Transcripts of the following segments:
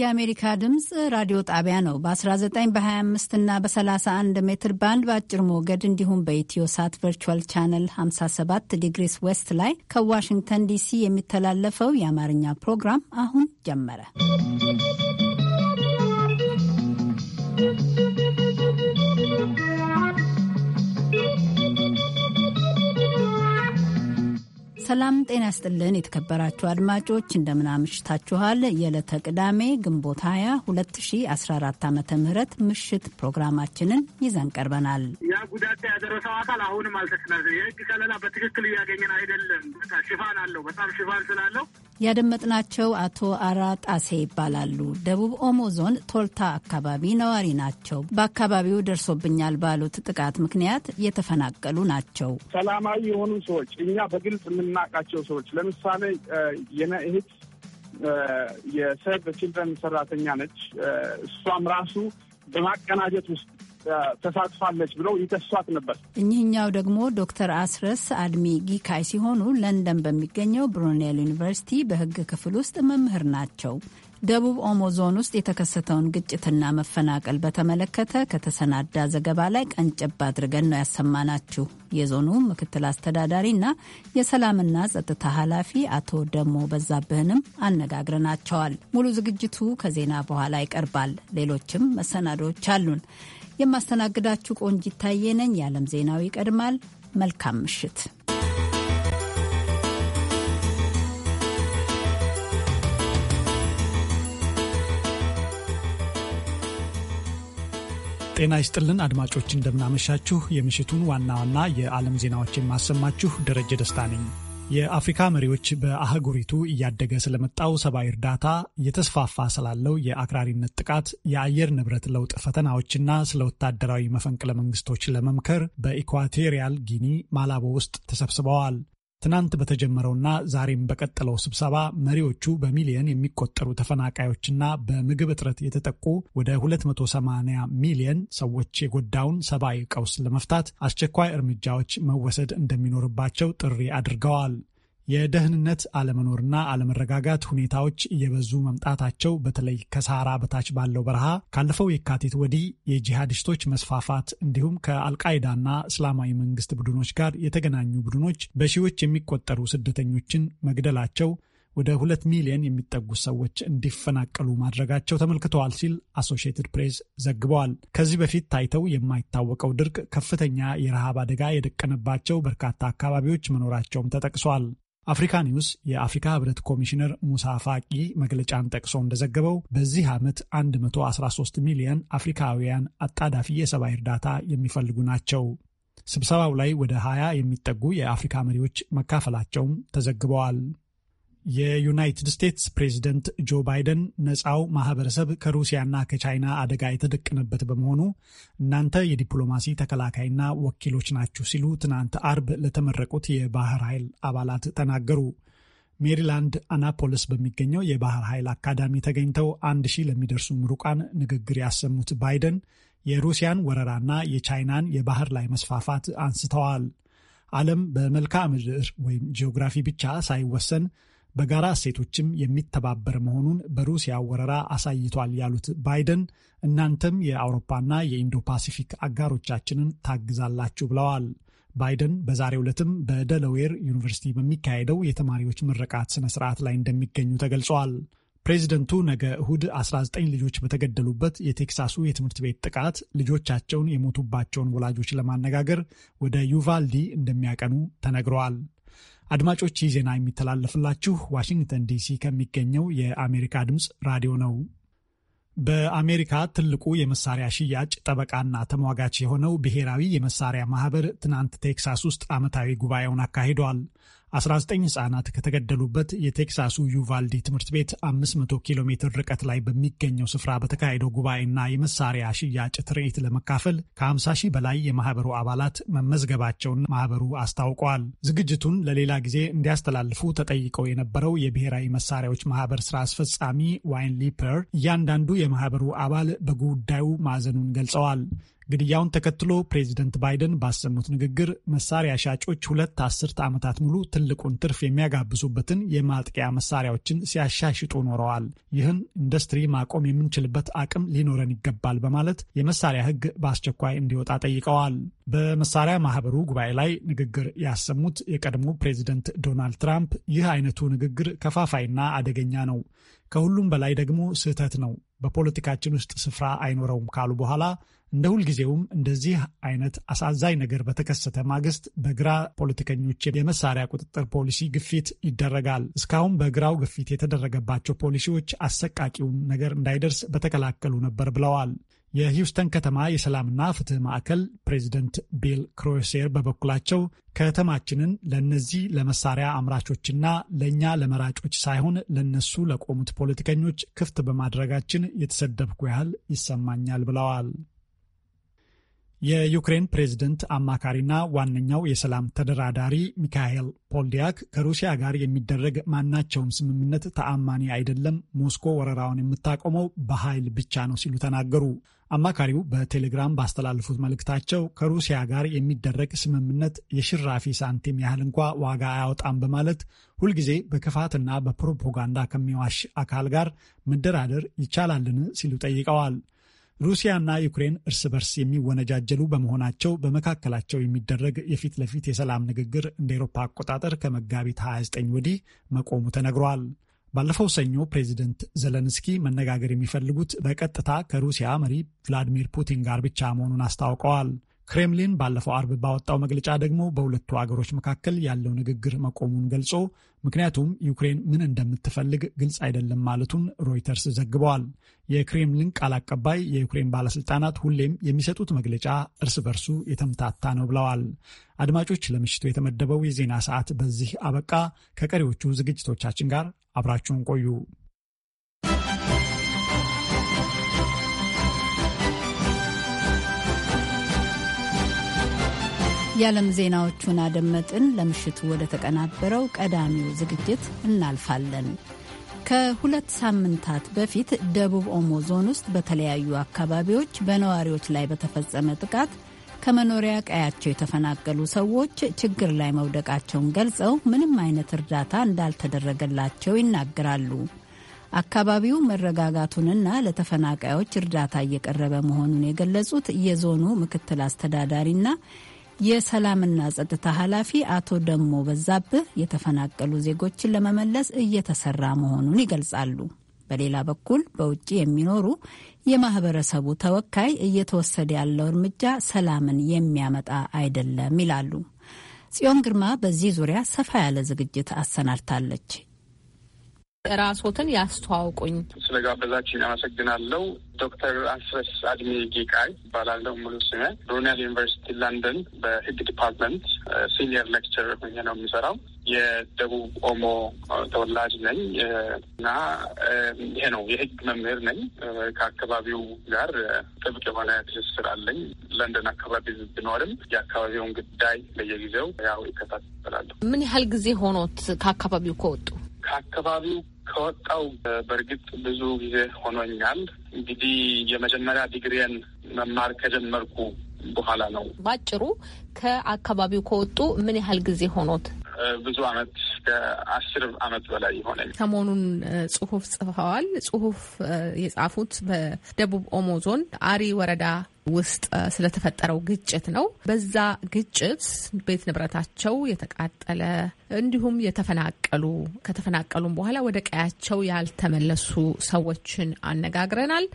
የአሜሪካ ድምፅ ራዲዮ ጣቢያ ነው። በ19 በ25 እና በ31 ሜትር ባንድ በአጭር ሞገድ እንዲሁም በኢትዮ ሳት ቨርቹዋል ቻነል 57 ዲግሪስ ዌስት ላይ ከዋሽንግተን ዲሲ የሚተላለፈው የአማርኛ ፕሮግራም አሁን ጀመረ። ሰላም ጤና ስጥልን። የተከበራችሁ አድማጮች እንደምናምሽታችኋል። የዕለተ ቅዳሜ ግንቦት 20 2014 ዓ ም ምሽት ፕሮግራማችንን ይዘን ቀርበናል። ያ ጉዳት ያደረሰው አካል አሁንም አልተስናዘ የህግ ከለላ በትክክል እያገኘን አይደለም። ሽፋን አለው፣ በጣም ሽፋን ስላለው ያደመጥናቸው አቶ አራ ጣሴ ይባላሉ። ደቡብ ኦሞ ዞን ቶልታ አካባቢ ነዋሪ ናቸው። በአካባቢው ደርሶብኛል ባሉት ጥቃት ምክንያት የተፈናቀሉ ናቸው። ሰላማዊ የሆኑ ሰዎች እኛ በግልጽ የምናውቃቸው ሰዎች ለምሳሌ የነእህት የሰብ ችልድረን ሰራተኛ ነች። እሷም ራሱ በማቀናጀት ውስጥ ተሳትፋለች ብለው ይከሷት ነበር። እኚህኛው ደግሞ ዶክተር አስረስ አድሚ ጊካይ ሲሆኑ ለንደን በሚገኘው ብሩኔል ዩኒቨርሲቲ በሕግ ክፍል ውስጥ መምህር ናቸው። ደቡብ ኦሞ ዞን ውስጥ የተከሰተውን ግጭትና መፈናቀል በተመለከተ ከተሰናዳ ዘገባ ላይ ቀንጨብ አድርገን ነው ያሰማናችሁ። የዞኑ ምክትል አስተዳዳሪና የሰላምና ጸጥታ ኃላፊ አቶ ደሞ በዛብህንም አነጋግረናቸዋል። ሙሉ ዝግጅቱ ከዜና በኋላ ይቀርባል። ሌሎችም መሰናዶዎች አሉን። የማስተናግዳችሁ ቆንጅ ታዬ ነኝ። የዓለም ዜናዊ ይቀድማል። መልካም ምሽት። ጤና ይስጥልን አድማጮች፣ እንደምናመሻችሁ። የምሽቱን ዋና ዋና የዓለም ዜናዎች የማሰማችሁ ደረጀ ደስታ ነኝ። የአፍሪካ መሪዎች በአህጉሪቱ እያደገ ስለመጣው ሰብአዊ እርዳታ፣ እየተስፋፋ ስላለው የአክራሪነት ጥቃት፣ የአየር ንብረት ለውጥ ፈተናዎችና ስለ ወታደራዊ መፈንቅለ መንግስቶች ለመምከር በኢኳቴሪያል ጊኒ ማላቦ ውስጥ ተሰብስበዋል። ትናንት በተጀመረውና ዛሬም በቀጠለው ስብሰባ መሪዎቹ በሚሊየን የሚቆጠሩ ተፈናቃዮችና በምግብ እጥረት የተጠቁ ወደ 280 ሚሊየን ሰዎች የጎዳውን ሰብአዊ ቀውስ ለመፍታት አስቸኳይ እርምጃዎች መወሰድ እንደሚኖርባቸው ጥሪ አድርገዋል። የደህንነት አለመኖርና አለመረጋጋት ሁኔታዎች እየበዙ መምጣታቸው በተለይ ከሳራ በታች ባለው በረሃ ካለፈው የካቲት ወዲህ የጂሃዲስቶች መስፋፋት እንዲሁም ከአልቃይዳና እስላማዊ መንግስት ቡድኖች ጋር የተገናኙ ቡድኖች በሺዎች የሚቆጠሩ ስደተኞችን መግደላቸው ወደ ሁለት ሚሊዮን የሚጠጉ ሰዎች እንዲፈናቀሉ ማድረጋቸው ተመልክተዋል ሲል አሶሺየትድ ፕሬስ ዘግበዋል። ከዚህ በፊት ታይተው የማይታወቀው ድርቅ ከፍተኛ የረሃብ አደጋ የደቀነባቸው በርካታ አካባቢዎች መኖራቸውም ተጠቅሷል። አፍሪካ ኒውስ የአፍሪካ ህብረት ኮሚሽነር ሙሳ ፋቂ መግለጫን ጠቅሶ እንደዘገበው በዚህ ዓመት 113 ሚሊዮን አፍሪካውያን አጣዳፊ የሰብአዊ እርዳታ የሚፈልጉ ናቸው። ስብሰባው ላይ ወደ 20 የሚጠጉ የአፍሪካ መሪዎች መካፈላቸውም ተዘግበዋል። የዩናይትድ ስቴትስ ፕሬዝደንት ጆ ባይደን ነፃው ማህበረሰብ ከሩሲያና ከቻይና አደጋ የተደቀነበት በመሆኑ እናንተ የዲፕሎማሲ ተከላካይና ወኪሎች ናችሁ ሲሉ ትናንት አርብ ለተመረቁት የባህር ኃይል አባላት ተናገሩ። ሜሪላንድ አናፖሊስ በሚገኘው የባህር ኃይል አካዳሚ ተገኝተው አንድ ሺህ ለሚደርሱ ምሩቃን ንግግር ያሰሙት ባይደን የሩሲያን ወረራና የቻይናን የባህር ላይ መስፋፋት አንስተዋል። ዓለም በመልክዓ ምድር ወይም ጂኦግራፊ ብቻ ሳይወሰን በጋራ እሴቶችም የሚተባበር መሆኑን በሩሲያ ወረራ አሳይቷል ያሉት ባይደን እናንተም የአውሮፓና የኢንዶ ፓሲፊክ አጋሮቻችንን ታግዛላችሁ ብለዋል። ባይደን በዛሬው ዕለትም በደለዌር ዩኒቨርሲቲ በሚካሄደው የተማሪዎች ምረቃት ስነ ስርዓት ላይ እንደሚገኙ ተገልጿል። ፕሬዚደንቱ ነገ እሁድ 19 ልጆች በተገደሉበት የቴክሳሱ የትምህርት ቤት ጥቃት ልጆቻቸውን የሞቱባቸውን ወላጆች ለማነጋገር ወደ ዩቫልዲ እንደሚያቀኑ ተነግረዋል። አድማጮች ይህ ዜና የሚተላለፍላችሁ ዋሽንግተን ዲሲ ከሚገኘው የአሜሪካ ድምፅ ራዲዮ ነው። በአሜሪካ ትልቁ የመሳሪያ ሽያጭ ጠበቃና ተሟጋች የሆነው ብሔራዊ የመሳሪያ ማህበር ትናንት ቴክሳስ ውስጥ ዓመታዊ ጉባኤውን አካሂዷል። 19 ህጻናት ከተገደሉበት የቴክሳሱ ዩቫልዲ ትምህርት ቤት 500 ኪሎ ሜትር ርቀት ላይ በሚገኘው ስፍራ በተካሄደው ጉባኤና የመሳሪያ ሽያጭ ትርኢት ለመካፈል ከ50 ሺህ በላይ የማህበሩ አባላት መመዝገባቸውን ማህበሩ አስታውቋል። ዝግጅቱን ለሌላ ጊዜ እንዲያስተላልፉ ተጠይቀው የነበረው የብሔራዊ መሳሪያዎች ማህበር ስራ አስፈጻሚ ዋይን ሊፐር እያንዳንዱ የማህበሩ አባል በጉዳዩ ማዘኑን ገልጸዋል። ግድያውን ተከትሎ ፕሬዚደንት ባይደን ባሰሙት ንግግር መሳሪያ ሻጮች ሁለት አስርት ዓመታት ሙሉ ትልቁን ትርፍ የሚያጋብሱበትን የማጥቂያ መሳሪያዎችን ሲያሻሽጡ ኖረዋል። ይህን ኢንዱስትሪ ማቆም የምንችልበት አቅም ሊኖረን ይገባል በማለት የመሳሪያ ሕግ በአስቸኳይ እንዲወጣ ጠይቀዋል። በመሳሪያ ማህበሩ ጉባኤ ላይ ንግግር ያሰሙት የቀድሞ ፕሬዚደንት ዶናልድ ትራምፕ ይህ አይነቱ ንግግር ከፋፋይና አደገኛ ነው፣ ከሁሉም በላይ ደግሞ ስህተት ነው፣ በፖለቲካችን ውስጥ ስፍራ አይኖረውም ካሉ በኋላ እንደ ሁልጊዜውም እንደዚህ አይነት አሳዛኝ ነገር በተከሰተ ማግስት በግራ ፖለቲከኞች የመሳሪያ ቁጥጥር ፖሊሲ ግፊት ይደረጋል። እስካሁን በግራው ግፊት የተደረገባቸው ፖሊሲዎች አሰቃቂውን ነገር እንዳይደርስ በተከላከሉ ነበር ብለዋል። የሂውስተን ከተማ የሰላምና ፍትህ ማዕከል ፕሬዚደንት ቢል ክሮሴር በበኩላቸው ከተማችንን ለእነዚህ ለመሳሪያ አምራቾችና ለእኛ ለመራጮች ሳይሆን ለነሱ ለቆሙት ፖለቲከኞች ክፍት በማድረጋችን የተሰደብኩ ያህል ይሰማኛል ብለዋል። የዩክሬን ፕሬዝደንት አማካሪና ዋነኛው የሰላም ተደራዳሪ ሚካኤል ፖልዲያክ ከሩሲያ ጋር የሚደረግ ማናቸውም ስምምነት ተአማኒ አይደለም፣ ሞስኮ ወረራውን የምታቆመው በኃይል ብቻ ነው ሲሉ ተናገሩ። አማካሪው በቴሌግራም ባስተላለፉት መልእክታቸው ከሩሲያ ጋር የሚደረግ ስምምነት የሽራፊ ሳንቲም ያህል እንኳ ዋጋ አያወጣም በማለት ሁልጊዜ በክፋትና በፕሮፓጋንዳ ከሚዋሽ አካል ጋር መደራደር ይቻላልን ሲሉ ጠይቀዋል። ሩሲያና ዩክሬን እርስ በርስ የሚወነጃጀሉ በመሆናቸው በመካከላቸው የሚደረግ የፊት ለፊት የሰላም ንግግር እንደ ኤሮፓ አቆጣጠር ከመጋቢት 29 ወዲህ መቆሙ ተነግሯል። ባለፈው ሰኞ ፕሬዚደንት ዘለንስኪ መነጋገር የሚፈልጉት በቀጥታ ከሩሲያ መሪ ቭላዲሚር ፑቲን ጋር ብቻ መሆኑን አስታውቀዋል። ክሬምሊን ባለፈው አርብ ባወጣው መግለጫ ደግሞ በሁለቱ አገሮች መካከል ያለው ንግግር መቆሙን ገልጾ ምክንያቱም ዩክሬን ምን እንደምትፈልግ ግልጽ አይደለም ማለቱን ሮይተርስ ዘግበዋል። የክሬምሊን ቃል አቀባይ የዩክሬን ባለስልጣናት ሁሌም የሚሰጡት መግለጫ እርስ በርሱ የተምታታ ነው ብለዋል። አድማጮች፣ ለምሽቱ የተመደበው የዜና ሰዓት በዚህ አበቃ። ከቀሪዎቹ ዝግጅቶቻችን ጋር አብራችሁን ቆዩ። የዓለም ዜናዎቹን አደመጥን። ለምሽቱ ወደ ተቀናበረው ቀዳሚው ዝግጅት እናልፋለን። ከሁለት ሳምንታት በፊት ደቡብ ኦሞ ዞን ውስጥ በተለያዩ አካባቢዎች በነዋሪዎች ላይ በተፈጸመ ጥቃት ከመኖሪያ ቀያቸው የተፈናቀሉ ሰዎች ችግር ላይ መውደቃቸውን ገልጸው ምንም አይነት እርዳታ እንዳልተደረገላቸው ይናገራሉ። አካባቢው መረጋጋቱንና ለተፈናቃዮች እርዳታ እየቀረበ መሆኑን የገለጹት የዞኑ ምክትል አስተዳዳሪና የሰላምና ጸጥታ ኃላፊ አቶ ደሞ በዛብህ የተፈናቀሉ ዜጎችን ለመመለስ እየተሰራ መሆኑን ይገልጻሉ። በሌላ በኩል በውጭ የሚኖሩ የማህበረሰቡ ተወካይ እየተወሰደ ያለው እርምጃ ሰላምን የሚያመጣ አይደለም ይላሉ። ጽዮን ግርማ በዚህ ዙሪያ ሰፋ ያለ ዝግጅት አሰናድታለች። ራስዎትን ያስተዋውቁኝ። ስለጋበዛችን አመሰግናለሁ። ዶክተር አስረስ አድሚ ጌቃይ ይባላለሁ ሙሉ ስሜ። ብሩኔል ዩኒቨርሲቲ ለንደን በህግ ዲፓርትመንት ሲኒየር ሌክቸር ሆኜ ነው የሚሰራው። የደቡብ ኦሞ ተወላጅ ነኝ እና ይሄ ነው የህግ መምህር ነኝ። ከአካባቢው ጋር ጥብቅ የሆነ ትስስር አለኝ። ለንደን አካባቢ ብኖርም የአካባቢውን ጉዳይ በየጊዜው ያው ይከታተላለሁ። ምን ያህል ጊዜ ሆኖት ከአካባቢው ከወጡ? ከአካባቢው ከወጣው በእርግጥ ብዙ ጊዜ ሆኖኛል። እንግዲህ የመጀመሪያ ዲግሪን መማር ከጀመርኩ በኋላ ነው። ባጭሩ ከአካባቢው ከወጡ ምን ያህል ጊዜ ሆኖት? ብዙ አመት ከአስር አመት በላይ የሆነ ሰሞኑን ጽሁፍ ጽፈዋል። ጽሁፍ የጻፉት በደቡብ ኦሞ ዞን አሪ ወረዳ ውስጥ ስለተፈጠረው ግጭት ነው። በዛ ግጭት ቤት ንብረታቸው የተቃጠለ እንዲሁም የተፈናቀሉ ከተፈናቀሉም በኋላ ወደ ቀያቸው ያልተመለሱ ሰዎችን አነጋግረናል።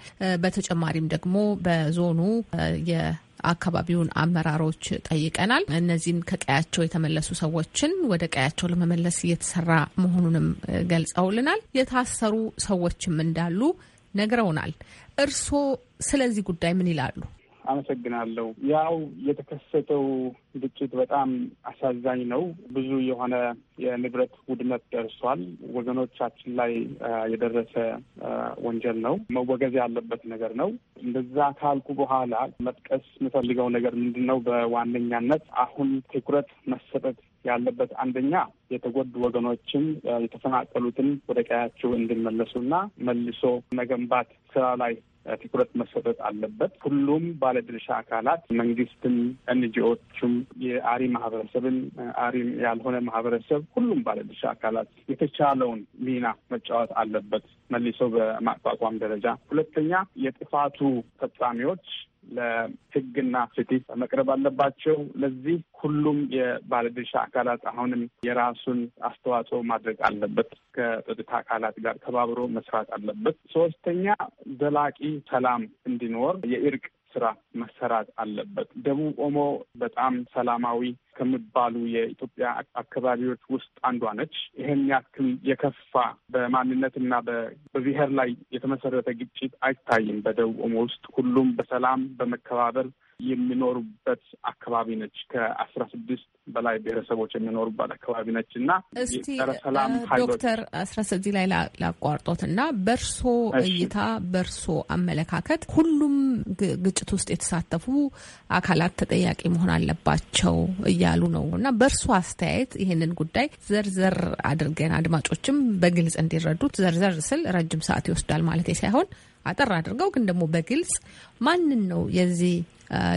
በተጨማሪም ደግሞ በዞኑ አካባቢውን አመራሮች ጠይቀናል። እነዚህም ከቀያቸው የተመለሱ ሰዎችን ወደ ቀያቸው ለመመለስ እየተሰራ መሆኑንም ገልጸውልናል። የታሰሩ ሰዎችም እንዳሉ ነግረውናል። እርስዎ ስለዚህ ጉዳይ ምን ይላሉ? አመሰግናለሁ። ያው የተከሰተው ግጭት በጣም አሳዛኝ ነው። ብዙ የሆነ የንብረት ውድመት ደርሷል። ወገኖቻችን ላይ የደረሰ ወንጀል ነው፣ መወገዝ ያለበት ነገር ነው። እንደዛ ካልኩ በኋላ መጥቀስ የምፈልገው ነገር ምንድን ነው? በዋነኛነት አሁን ትኩረት መሰጠት ያለበት አንደኛ የተጎዱ ወገኖችን የተፈናቀሉትን ወደ ቀያቸው እንዲመለሱና መልሶ መገንባት ስራ ላይ ትኩረት መሰጠት አለበት። ሁሉም ባለድርሻ አካላት መንግስትም፣ ኤንጂኦዎችም፣ የአሪ ማህበረሰብን፣ አሪ ያልሆነ ማህበረሰብ፣ ሁሉም ባለድርሻ አካላት የተቻለውን ሚና መጫወት አለበት መልሶ በማቋቋም ደረጃ። ሁለተኛ የጥፋቱ ፈጻሚዎች ለህግና ፍትህ መቅረብ አለባቸው። ለዚህ ሁሉም የባለድርሻ አካላት አሁንም የራሱን አስተዋጽኦ ማድረግ አለበት። ከጸጥታ አካላት ጋር ተባብሮ መስራት አለበት። ሶስተኛ ዘላቂ ሰላም እንዲኖር የእርቅ ስራ መሰራት አለበት። ደቡብ ኦሞ በጣም ሰላማዊ ከሚባሉ የኢትዮጵያ አካባቢዎች ውስጥ አንዷ ነች። ይህን ያክል የከፋ በማንነትና በብሔር ላይ የተመሰረተ ግጭት አይታይም። በደቡብ ኦሞ ውስጥ ሁሉም በሰላም በመከባበር የሚኖሩበት አካባቢ ነች። ከአስራ ስድስት በላይ ብሔረሰቦች የሚኖሩበት አካባቢ ነች እና ሰላም ዶክተር አስራ ስድስት ላይ ላቋርጦት እና በእርሶ እይታ በእርሶ አመለካከት ሁሉም ግጭት ውስጥ የተሳተፉ አካላት ተጠያቂ መሆን አለባቸው እያሉ ነው እና በእርሶ አስተያየት ይህንን ጉዳይ ዘርዘር አድርገን አድማጮችም በግልጽ እንዲረዱት ዘርዘር ስል ረጅም ሰዓት ይወስዳል ማለት ሳይሆን አጠር አድርገው ግን ደግሞ በግልጽ ማንን ነው የዚህ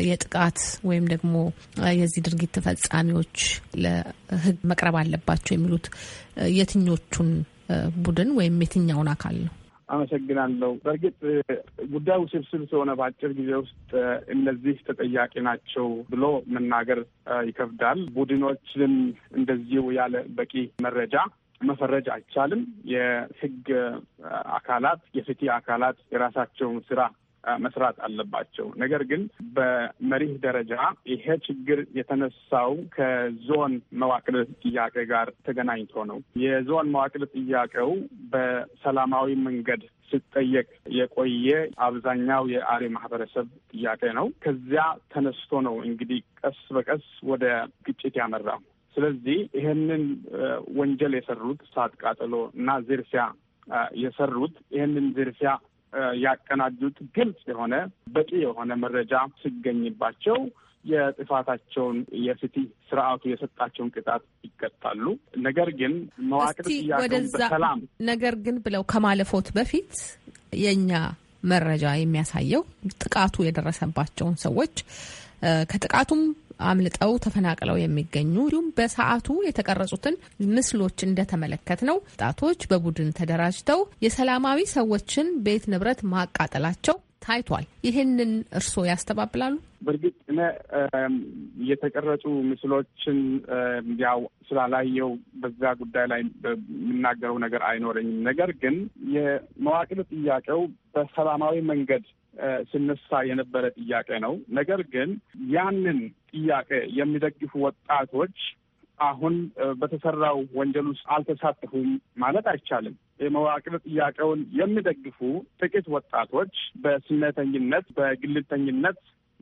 የጥቃት ወይም ደግሞ የዚህ ድርጊት ተፈጻሚዎች ለህግ መቅረብ አለባቸው የሚሉት የትኞቹን ቡድን ወይም የትኛውን አካል ነው? አመሰግናለሁ። በእርግጥ ጉዳዩ ውስብስብ ስለሆነ በአጭር ጊዜ ውስጥ እነዚህ ተጠያቂ ናቸው ብሎ መናገር ይከብዳል። ቡድኖችንም እንደዚሁ ያለ በቂ መረጃ መፈረጅ አይቻልም። የህግ አካላት የፍትህ አካላት የራሳቸውን ስራ መስራት አለባቸው። ነገር ግን በመሪህ ደረጃ ይሄ ችግር የተነሳው ከዞን መዋቅር ጥያቄ ጋር ተገናኝቶ ነው። የዞን መዋቅር ጥያቄው በሰላማዊ መንገድ ስጠየቅ የቆየ አብዛኛው የአሪ ማህበረሰብ ጥያቄ ነው። ከዚያ ተነስቶ ነው እንግዲህ ቀስ በቀስ ወደ ግጭት ያመራው። ስለዚህ ይህንን ወንጀል የሰሩት እሳት ቃጠሎ እና ዝርፊያ የሰሩት ይህንን ዝርፊያ ያቀናጁት ግልጽ የሆነ በቂ የሆነ መረጃ ሲገኝባቸው የጥፋታቸውን የፍትህ ስርዓቱ የሰጣቸውን ቅጣት ይቀጣሉ። ነገር ግን መዋቅር በሰላም ነገር ግን ብለው ከማለፎት በፊት የእኛ መረጃ የሚያሳየው ጥቃቱ የደረሰባቸውን ሰዎች ከጥቃቱም አምልጠው ተፈናቅለው የሚገኙ እንዲሁም በሰዓቱ የተቀረጹትን ምስሎች እንደተመለከት ነው ወጣቶች በቡድን ተደራጅተው የሰላማዊ ሰዎችን ቤት ንብረት ማቃጠላቸው ታይቷል። ይህንን እርስዎ ያስተባብላሉ? በእርግጥ እኔ የተቀረጹ ምስሎችን ያው ስላላየው በዛ ጉዳይ ላይ የምናገረው ነገር አይኖረኝም። ነገር ግን የመዋቅር ጥያቄው በሰላማዊ መንገድ ሲነሳ የነበረ ጥያቄ ነው። ነገር ግን ያንን ጥያቄ የሚደግፉ ወጣቶች አሁን በተሰራው ወንጀል ውስጥ አልተሳተፉም ማለት አይቻልም። የመዋቅር ጥያቄውን የሚደግፉ ጥቂት ወጣቶች በስነተኝነት በግልልተኝነት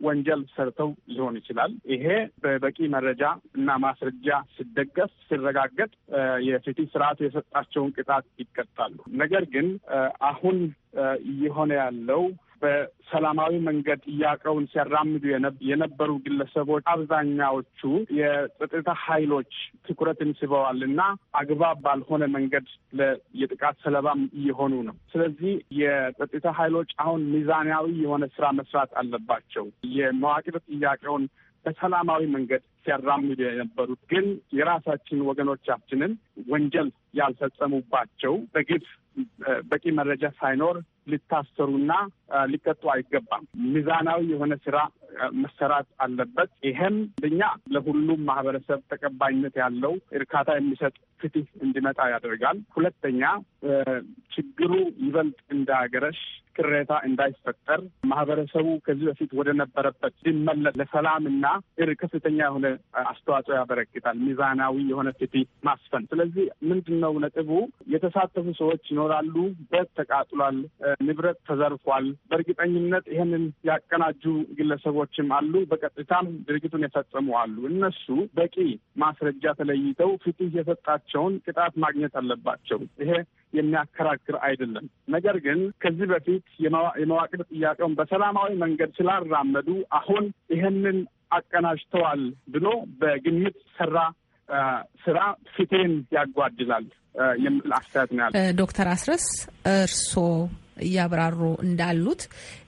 ወንጀል ሰርተው ሊሆን ይችላል። ይሄ በበቂ መረጃ እና ማስረጃ ሲደገፍ ሲረጋገጥ የፍትህ ስርዓቱ የሰጣቸውን ቅጣት ይቀጣሉ። ነገር ግን አሁን እየሆነ ያለው በሰላማዊ መንገድ ጥያቄውን ሲያራምዱ የነበሩ ግለሰቦች አብዛኛዎቹ የጸጥታ ኃይሎች ትኩረትን ስበዋል እና አግባብ ባልሆነ መንገድ የጥቃት ሰለባም እየሆኑ ነው። ስለዚህ የጸጥታ ኃይሎች አሁን ሚዛናዊ የሆነ ስራ መስራት አለባቸው። የመዋቅር ጥያቄውን በሰላማዊ መንገድ ሲያራምዱ የነበሩት ግን የራሳችን ወገኖቻችንን ወንጀል ያልፈጸሙባቸው በግፍ በቂ መረጃ ሳይኖር ሊታሰሩና ሊቀጡ አይገባም። ሚዛናዊ የሆነ ስራ መሰራት አለበት። ይህም አንደኛ ለሁሉም ማህበረሰብ ተቀባይነት ያለው እርካታ የሚሰጥ ፍትህ እንዲመጣ ያደርጋል። ሁለተኛ ችግሩ ይበልጥ እንዳገረሽ ቅሬታ እንዳይፈጠር ማህበረሰቡ ከዚህ በፊት ወደ ነበረበት ሲመለስ ለሰላም እና ከፍተኛ የሆነ አስተዋጽኦ ያበረክታል። ሚዛናዊ የሆነ ፍትህ ማስፈን። ስለዚህ ምንድን ነው ነጥቡ? የተሳተፉ ሰዎች ይኖራሉ። ቤት ተቃጥሏል፣ ንብረት ተዘርፏል። በእርግጠኝነት ይህንን ያቀናጁ ግለሰቦችም አሉ፣ በቀጥታም ድርጊቱን የፈጸሙ አሉ። እነሱ በቂ ማስረጃ ተለይተው ፍትህ የሰጣቸውን ቅጣት ማግኘት አለባቸው። ይሄ የሚያከራክር አይደለም። ነገር ግን ከዚህ በፊት የመዋቅር ጥያቄውን በሰላማዊ መንገድ ስላራመዱ አሁን ይህንን አቀናጅተዋል ብሎ በግምት ሰራ ስራ ፍትህን ያጓድላል የሚል አስተያየት ነው ያለ ዶክተር አስረስ እርስዎ እያብራሩ እንዳሉት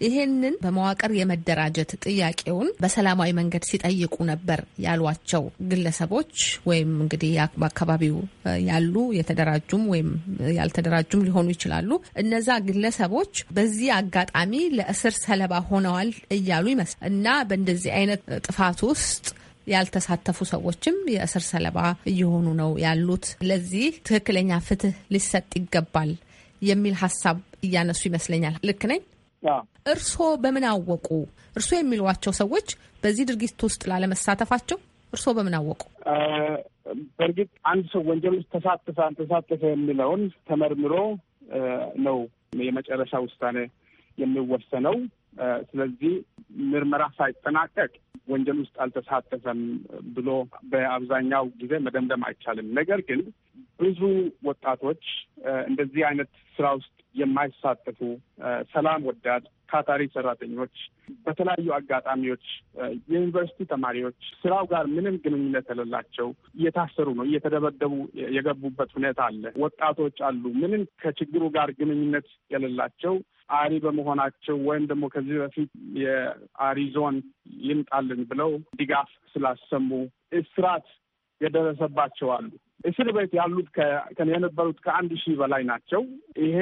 ይህንን በመዋቅር የመደራጀት ጥያቄውን በሰላማዊ መንገድ ሲጠይቁ ነበር ያሏቸው ግለሰቦች ወይም እንግዲህ በአካባቢው ያሉ የተደራጁም ወይም ያልተደራጁም ሊሆኑ ይችላሉ። እነዛ ግለሰቦች በዚህ አጋጣሚ ለእስር ሰለባ ሆነዋል እያሉ ይመስል እና በእንደዚህ አይነት ጥፋት ውስጥ ያልተሳተፉ ሰዎችም የእስር ሰለባ እየሆኑ ነው ያሉት። ለዚህ ትክክለኛ ፍትህ ሊሰጥ ይገባል የሚል ሀሳብ እያነሱ ይመስለኛል። ልክ ነኝ? እርስዎ በምን አወቁ? እርስዎ የሚሏቸው ሰዎች በዚህ ድርጊት ውስጥ ላለመሳተፋቸው እርስዎ በምን አወቁ? በእርግጥ አንድ ሰው ወንጀል ውስጥ ተሳተፈ አልተሳተፈ የሚለውን ተመርምሮ ነው የመጨረሻ ውሳኔ የሚወሰነው። ስለዚህ ምርመራ ሳይጠናቀቅ ወንጀል ውስጥ አልተሳተፈም ብሎ በአብዛኛው ጊዜ መደምደም አይቻልም። ነገር ግን ብዙ ወጣቶች እንደዚህ አይነት ስራ ውስጥ የማይሳተፉ ሰላም ወዳድ ታታሪ ሰራተኞች፣ በተለያዩ አጋጣሚዎች የዩኒቨርሲቲ ተማሪዎች ስራው ጋር ምንም ግንኙነት የሌላቸው እየታሰሩ ነው፣ እየተደበደቡ የገቡበት ሁኔታ አለ። ወጣቶች አሉ ምንም ከችግሩ ጋር ግንኙነት የሌላቸው አሪ በመሆናቸው ወይም ደግሞ ከዚህ በፊት የአሪ ዞን ይምጣልን ብለው ድጋፍ ስላሰሙ እስራት የደረሰባቸው አሉ። እስር ቤት ያሉት የነበሩት ከአንድ ሺህ በላይ ናቸው። ይሄ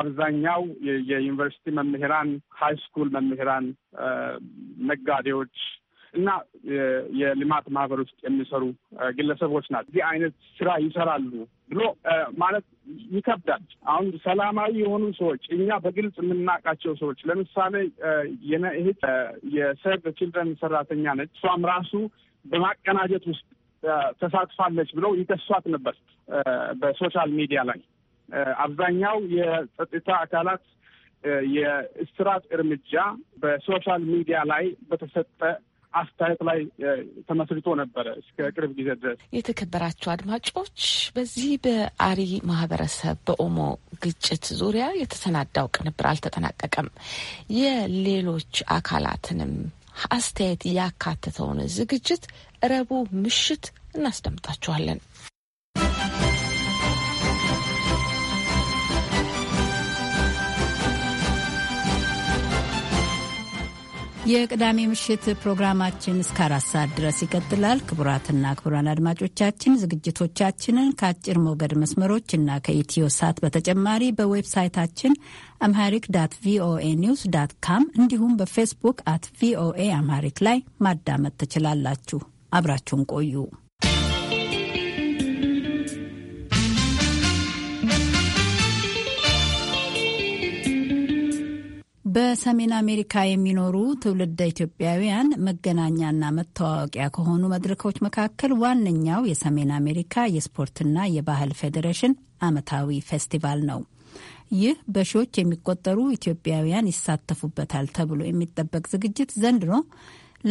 አብዛኛው የዩኒቨርሲቲ መምህራን፣ ሃይስኩል መምህራን፣ ነጋዴዎች እና የልማት ማህበር ውስጥ የሚሰሩ ግለሰቦች ናቸው። እዚህ አይነት ስራ ይሰራሉ ብሎ ማለት ይከብዳል። አሁን ሰላማዊ የሆኑ ሰዎች እኛ በግልጽ የምናውቃቸው ሰዎች ለምሳሌ የነ እህት የሴቭ ዘ ችልድረን ሰራተኛ ነች። እሷም ራሱ በማቀናጀት ውስጥ ተሳትፋለች ብለው ይከሷት ነበር በሶሻል ሚዲያ ላይ። አብዛኛው የጸጥታ አካላት የእስራት እርምጃ በሶሻል ሚዲያ ላይ በተሰጠ አስተያየት ላይ ተመስርቶ ነበረ እስከ ቅርብ ጊዜ ድረስ። የተከበራችሁ አድማጮች፣ በዚህ በአሪ ማህበረሰብ በኦሞ ግጭት ዙሪያ የተሰናዳው ቅንብር አልተጠናቀቀም። የሌሎች አካላትንም አስተያየት ያካተተውን ዝግጅት ረቡዕ ምሽት እናስደምጣችኋለን። የቅዳሜ ምሽት ፕሮግራማችን እስከ አራት ሰዓት ድረስ ይቀጥላል። ክቡራትና ክቡራን አድማጮቻችን ዝግጅቶቻችንን ከአጭር ሞገድ መስመሮች እና ከኢትዮ ሳት በተጨማሪ በዌብሳይታችን አምሃሪክ ዳት ቪኦኤ ኒውስ ዳት ካም እንዲሁም በፌስቡክ አት ቪኦኤ አምሃሪክ ላይ ማዳመጥ ትችላላችሁ። አብራችሁን ቆዩ። በሰሜን አሜሪካ የሚኖሩ ትውልደ ኢትዮጵያውያን መገናኛና መተዋወቂያ ከሆኑ መድረኮች መካከል ዋነኛው የሰሜን አሜሪካ የስፖርትና የባህል ፌዴሬሽን ዓመታዊ ፌስቲቫል ነው። ይህ በሺዎች የሚቆጠሩ ኢትዮጵያውያን ይሳተፉበታል ተብሎ የሚጠበቅ ዝግጅት ዘንድሮ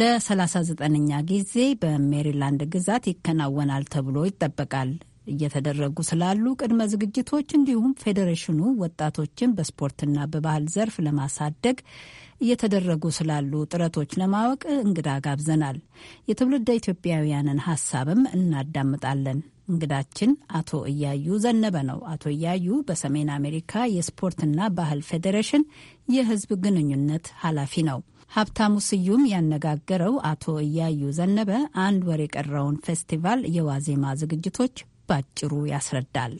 ለ39ኛ ጊዜ በሜሪላንድ ግዛት ይከናወናል ተብሎ ይጠበቃል። እየተደረጉ ስላሉ ቅድመ ዝግጅቶች እንዲሁም ፌዴሬሽኑ ወጣቶችን በስፖርትና በባህል ዘርፍ ለማሳደግ እየተደረጉ ስላሉ ጥረቶች ለማወቅ እንግዳ ጋብዘናል። የትውልደ ኢትዮጵያውያንን ሀሳብም እናዳምጣለን። እንግዳችን አቶ እያዩ ዘነበ ነው። አቶ እያዩ በሰሜን አሜሪካ የስፖርትና ባህል ፌዴሬሽን የህዝብ ግንኙነት ኃላፊ ነው። ሀብታሙ ስዩም ያነጋገረው አቶ እያዩ ዘነበ አንድ ወር የቀረውን ፌስቲቫል የዋዜማ ዝግጅቶች ባጭሩ ያስረዳል።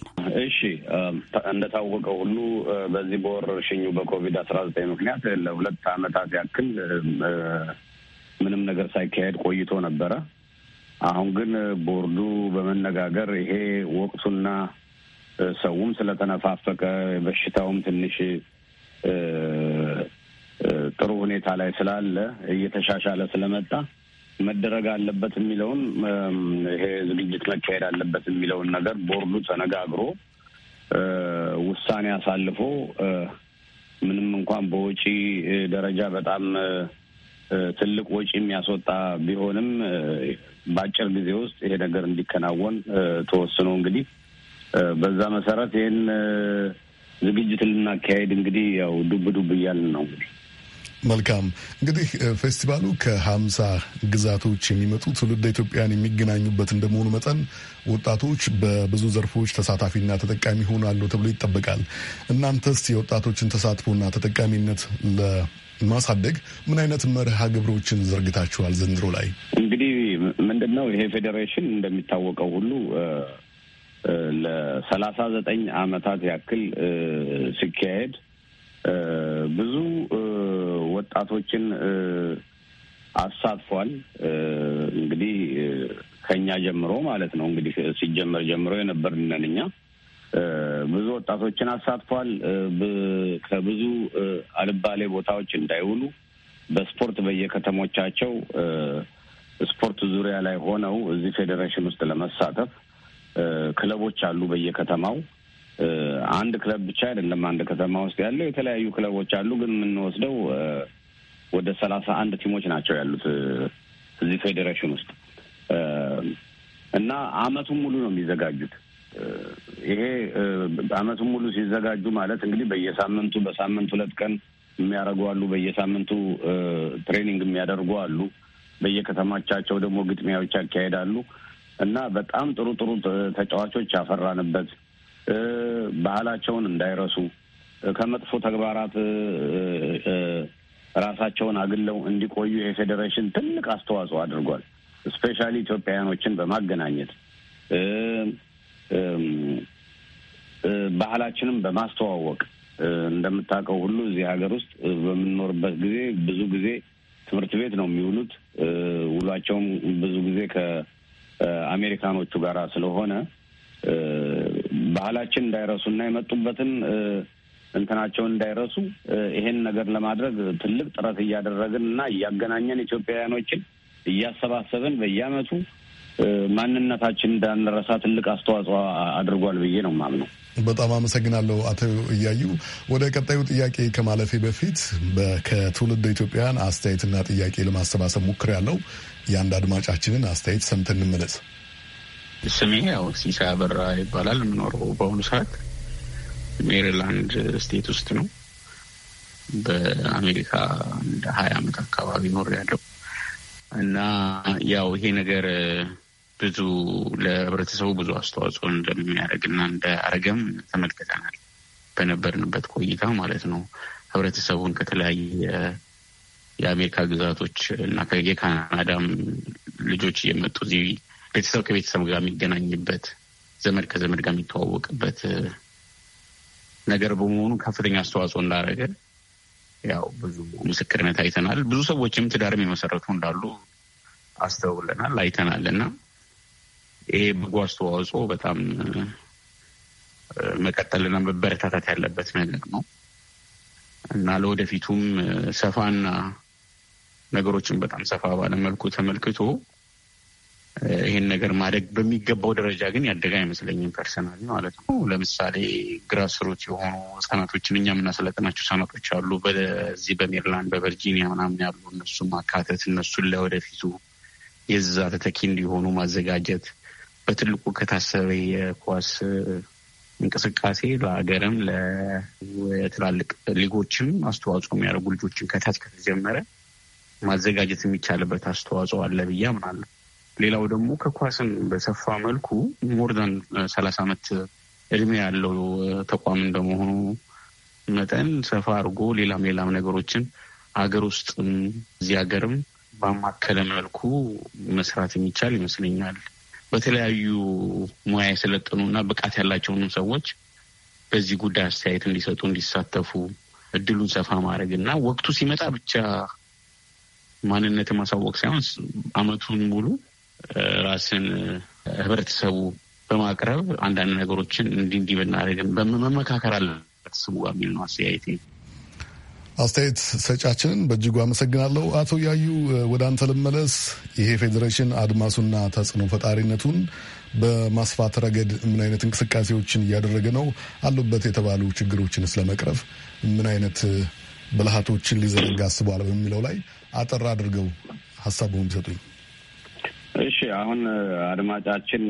እሺ፣ እንደታወቀው ሁሉ በዚህ በወረርሽኙ በኮቪድ አስራ ዘጠኝ ምክንያት ለሁለት ዓመታት ያክል ምንም ነገር ሳይካሄድ ቆይቶ ነበረ። አሁን ግን ቦርዱ በመነጋገር ይሄ ወቅቱና ሰውም ስለተነፋፈቀ በሽታውም ትንሽ ጥሩ ሁኔታ ላይ ስላለ እየተሻሻለ ስለመጣ መደረግ አለበት የሚለውን ይሄ ዝግጅት መካሄድ አለበት የሚለውን ነገር ቦርዱ ተነጋግሮ ውሳኔ አሳልፎ ምንም እንኳን በወጪ ደረጃ በጣም ትልቅ ወጪ የሚያስወጣ ቢሆንም በአጭር ጊዜ ውስጥ ይሄ ነገር እንዲከናወን ተወስኖ እንግዲህ በዛ መሰረት ይህን ዝግጅት ልናካሄድ እንግዲህ ያው ዱብ ዱብ እያልን ነው እንግዲህ መልካም እንግዲህ ፌስቲቫሉ ከሀምሳ ግዛቶች የሚመጡ ትውልደ ኢትዮጵያን የሚገናኙበት እንደመሆኑ መጠን ወጣቶች በብዙ ዘርፎች ተሳታፊና ተጠቃሚ ሆናሉ ተብሎ ይጠበቃል። እናንተስ የወጣቶችን ተሳትፎና ተጠቃሚነት ለማሳደግ ምን አይነት መርሃ ግብሮችን ዘርግታችኋል? ዘንድሮ ላይ እንግዲህ ምንድን ነው ይሄ ፌዴሬሽን እንደሚታወቀው ሁሉ ለሰላሳ ዘጠኝ አመታት ያክል ሲካሄድ ብዙ ወጣቶችን አሳትፏል። እንግዲህ ከኛ ጀምሮ ማለት ነው እንግዲህ ሲጀመር ጀምሮ የነበርነን እኛ ብዙ ወጣቶችን አሳትፏል። ከብዙ አልባሌ ቦታዎች እንዳይውሉ በስፖርት በየከተሞቻቸው ስፖርት ዙሪያ ላይ ሆነው እዚህ ፌዴሬሽን ውስጥ ለመሳተፍ ክለቦች አሉ በየከተማው አንድ ክለብ ብቻ አይደለም። አንድ ከተማ ውስጥ ያለው የተለያዩ ክለቦች አሉ። ግን የምንወስደው ወደ ሰላሳ አንድ ቲሞች ናቸው ያሉት እዚህ ፌዴሬሽን ውስጥ እና አመቱን ሙሉ ነው የሚዘጋጁት። ይሄ አመቱን ሙሉ ሲዘጋጁ ማለት እንግዲህ በየሳምንቱ በሳምንት ሁለት ቀን የሚያደርጉ አሉ። በየሳምንቱ ትሬኒንግ የሚያደርጉ አሉ። በየከተማቻቸው ደግሞ ግጥሚያዎች ያካሄዳሉ እና በጣም ጥሩ ጥሩ ተጫዋቾች ያፈራንበት ባህላቸውን እንዳይረሱ ከመጥፎ ተግባራት ራሳቸውን አግለው እንዲቆዩ ፌዴሬሽን ትልቅ አስተዋጽኦ አድርጓል። ስፔሻሊ ኢትዮጵያውያኖችን በማገናኘት ባህላችንም በማስተዋወቅ እንደምታውቀው ሁሉ እዚህ ሀገር ውስጥ በምንኖርበት ጊዜ ብዙ ጊዜ ትምህርት ቤት ነው የሚውሉት። ውሏቸውም ብዙ ጊዜ ከአሜሪካኖቹ ጋር ስለሆነ ባህላችን እንዳይረሱ እና የመጡበትን እንትናቸውን እንዳይረሱ ይሄን ነገር ለማድረግ ትልቅ ጥረት እያደረግን እና እያገናኘን ኢትዮጵያውያኖችን እያሰባሰብን በየአመቱ ማንነታችን እንዳንረሳ ትልቅ አስተዋጽኦ አድርጓል ብዬ ነው የማምነው። በጣም አመሰግናለሁ አቶ እያዩ። ወደ ቀጣዩ ጥያቄ ከማለፌ በፊት ከትውልድ ኢትዮጵያውያን አስተያየትና ጥያቄ ለማሰባሰብ ሞክሬያለሁ። የአንድ አድማጫችንን አስተያየት ሰምተን እንመለስ። ስሜ ያው ሲሳይ አበራ ይባላል። የምኖረው በአሁኑ ሰዓት ሜሪላንድ ስቴት ውስጥ ነው። በአሜሪካ እንደ ሀያ አመት አካባቢ ኖር ያለው እና ያው ይሄ ነገር ብዙ ለህብረተሰቡ ብዙ አስተዋጽኦ እንደሚያደርግና እንዳያደርገም ተመልክተናል። በነበርንበት ቆይታ ማለት ነው። ህብረተሰቡን ከተለያየ የአሜሪካ ግዛቶች እና የካናዳም ልጆች እየመጡ እዚህ ቤተሰብ ከቤተሰብ ጋር የሚገናኝበት፣ ዘመድ ከዘመድ ጋር የሚተዋወቅበት ነገር በመሆኑ ከፍተኛ አስተዋጽኦ እንዳደረገ ያው ብዙ ምስክርነት አይተናል። ብዙ ሰዎችም ትዳርም የመሰረቱ እንዳሉ አስተውለናል፣ አይተናል እና ይሄ በጎ አስተዋጽኦ በጣም መቀጠልና መበረታታት ያለበት ነገር ነው እና ለወደፊቱም ሰፋና ነገሮችን በጣም ሰፋ ባለመልኩ ተመልክቶ ይህን ነገር ማደግ በሚገባው ደረጃ ግን ያደገ አይመስለኝም፣ ፐርሰናል ማለት ነው። ለምሳሌ ግራስሩት የሆኑ ህጻናቶችን እኛ የምናሰለጥናቸው ህጻናቶች አሉ፣ በዚህ በሜሪላንድ በቨርጂኒያ ምናምን ያሉ እነሱ ማካተት፣ እነሱን ለወደፊቱ የዛ ተተኪ እንዲሆኑ ማዘጋጀት በትልቁ ከታሰበ የኳስ እንቅስቃሴ ለሀገርም ለትላልቅ ሊጎችም አስተዋጽኦ የሚያደርጉ ልጆችን ከታች ከተጀመረ ማዘጋጀት የሚቻልበት አስተዋጽኦ አለ ብዬ አምናለሁ። ሌላው ደግሞ ከኳስም በሰፋ መልኩ ሞርዘን ሰላሳ ዓመት እድሜ ያለው ተቋም እንደመሆኑ መጠን ሰፋ አድርጎ ሌላም ሌላም ነገሮችን አገር ውስጥም እዚህ ሀገርም ባማከለ መልኩ መስራት የሚቻል ይመስለኛል። በተለያዩ ሙያ የሰለጠኑ እና ብቃት ያላቸውንም ሰዎች በዚህ ጉዳይ አስተያየት እንዲሰጡ፣ እንዲሳተፉ እድሉን ሰፋ ማድረግ እና ወቅቱ ሲመጣ ብቻ ማንነት ማሳወቅ ሳይሆን አመቱን ሙሉ ራስን ህብረተሰቡ በማቅረብ አንዳንድ ነገሮችን እንዲ እንዲ ብናደርግም በመመካከር አለበት ስቡ የሚል ነው አስተያየቴ። አስተያየት ሰጫችንን በእጅጉ አመሰግናለሁ። አቶ ያዩ ወደ አንተ ልመለስ። ይሄ ፌዴሬሽን አድማሱና ተጽዕኖ ፈጣሪነቱን በማስፋት ረገድ ምን አይነት እንቅስቃሴዎችን እያደረገ ነው? አሉበት የተባሉ ችግሮችን ስለመቅረፍ ምን አይነት ብልሃቶችን ሊዘረጋ አስበዋል በሚለው ላይ አጠር አድርገው ሀሳቡን ቢሰጡኝ። አሁን አድማጫችን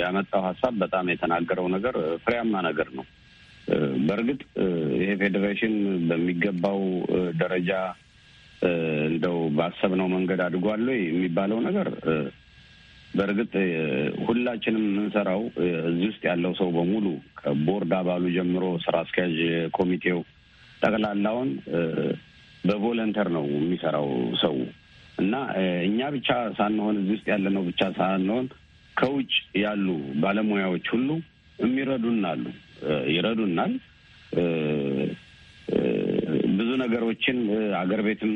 ያመጣው ሀሳብ በጣም የተናገረው ነገር ፍሬያማ ነገር ነው። በእርግጥ ይሄ ፌዴሬሽን በሚገባው ደረጃ እንደው ባሰብነው መንገድ አድጓል ወይ የሚባለው ነገር በእርግጥ ሁላችንም የምንሰራው እዚህ ውስጥ ያለው ሰው በሙሉ ከቦርድ አባሉ ጀምሮ ስራ አስኪያጅ ኮሚቴው ጠቅላላውን በቮለንተር ነው የሚሰራው ሰው እና እኛ ብቻ ሳንሆን እዚህ ውስጥ ያለነው ብቻ ሳንሆን ከውጭ ያሉ ባለሙያዎች ሁሉ የሚረዱናሉ ይረዱናል። ብዙ ነገሮችን አገር ቤትም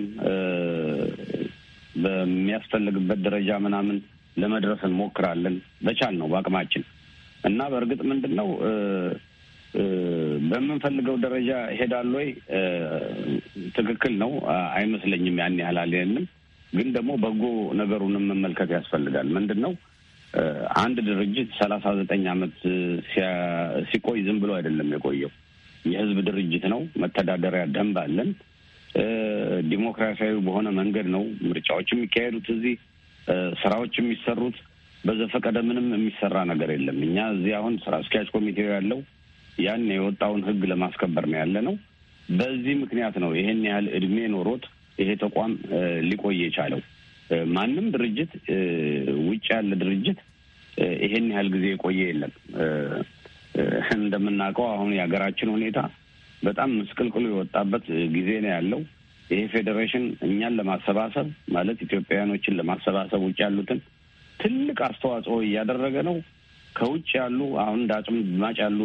በሚያስፈልግበት ደረጃ ምናምን ለመድረስ እንሞክራለን በቻል ነው በአቅማችን እና በእርግጥ ምንድን ነው በምንፈልገው ደረጃ ሄዳል ወይ? ትክክል ነው አይመስለኝም። ያን ያህል አልንም። ግን ደግሞ በጎ ነገሩንም መመልከት ያስፈልጋል። ምንድን ነው አንድ ድርጅት ሰላሳ ዘጠኝ አመት ሲቆይ ዝም ብሎ አይደለም የቆየው። የህዝብ ድርጅት ነው። መተዳደሪያ ደንብ አለን። ዲሞክራሲያዊ በሆነ መንገድ ነው ምርጫዎች የሚካሄዱት፣ እዚህ ስራዎች የሚሰሩት። በዘፈቀደ ምንም የሚሰራ ነገር የለም። እኛ እዚህ አሁን ስራ አስኪያጅ ኮሚቴው ያለው ያን የወጣውን ህግ ለማስከበር ነው ያለ ነው። በዚህ ምክንያት ነው ይሄን ያህል እድሜ ኖሮት ይሄ ተቋም ሊቆይ የቻለው። ማንም ድርጅት ውጭ ያለ ድርጅት ይሄን ያህል ጊዜ የቆየ የለም። እንደምናውቀው አሁን የሀገራችን ሁኔታ በጣም ምስቅልቅሉ የወጣበት ጊዜ ነው ያለው። ይሄ ፌዴሬሽን እኛን ለማሰባሰብ ማለት ኢትዮጵያውያኖችን ለማሰባሰብ ውጭ ያሉትን ትልቅ አስተዋጽኦ እያደረገ ነው። ከውጭ ያሉ አሁን እንደ ድማጭ ያሉ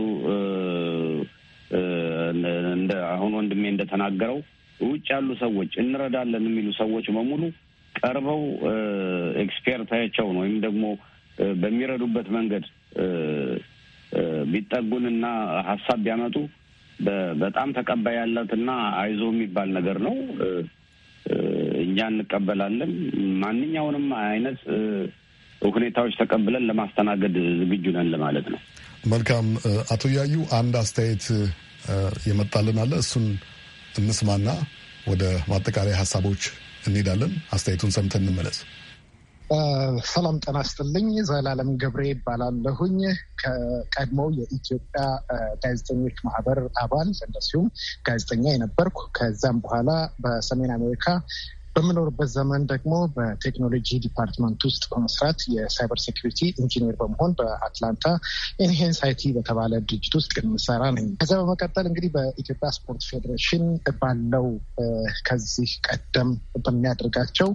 እንደ አሁን ወንድሜ እንደተናገረው ውጭ ያሉ ሰዎች እንረዳለን የሚሉ ሰዎች በሙሉ ቀርበው ኤክስፔርታቸውን ወይም ደግሞ በሚረዱበት መንገድ ቢጠጉንና ሀሳብ ቢያመጡ በጣም ተቀባይ ያላትና አይዞ የሚባል ነገር ነው። እኛ እንቀበላለን። ማንኛውንም አይነት ሁኔታዎች ተቀብለን ለማስተናገድ ዝግጁ ነን ለማለት ነው። መልካም። አቶ ያዩ አንድ አስተያየት የመጣልን አለ። እሱን እንስማና ወደ ማጠቃለያ ሀሳቦች እንሄዳለን። አስተያየቱን ሰምተን እንመለስ። ሰላም ጤና ይስጥልኝ። ዘላለም ገብሬ ይባላለሁኝ። ከቀድሞው የኢትዮጵያ ጋዜጠኞች ማህበር አባል እንደዚሁም ጋዜጠኛ የነበርኩ ከዛም በኋላ በሰሜን አሜሪካ በምኖርበት ዘመን ደግሞ በቴክኖሎጂ ዲፓርትመንት ውስጥ በመስራት የሳይበር ሴኩሪቲ ኢንጂነር በመሆን በአትላንታ ኢንሄንስ አይቲ በተባለ ድርጅት ውስጥ የምሰራ ነኝ። ከዚያ በመቀጠል እንግዲህ በኢትዮጵያ ስፖርት ፌዴሬሽን ባለው ከዚህ ቀደም በሚያደርጋቸው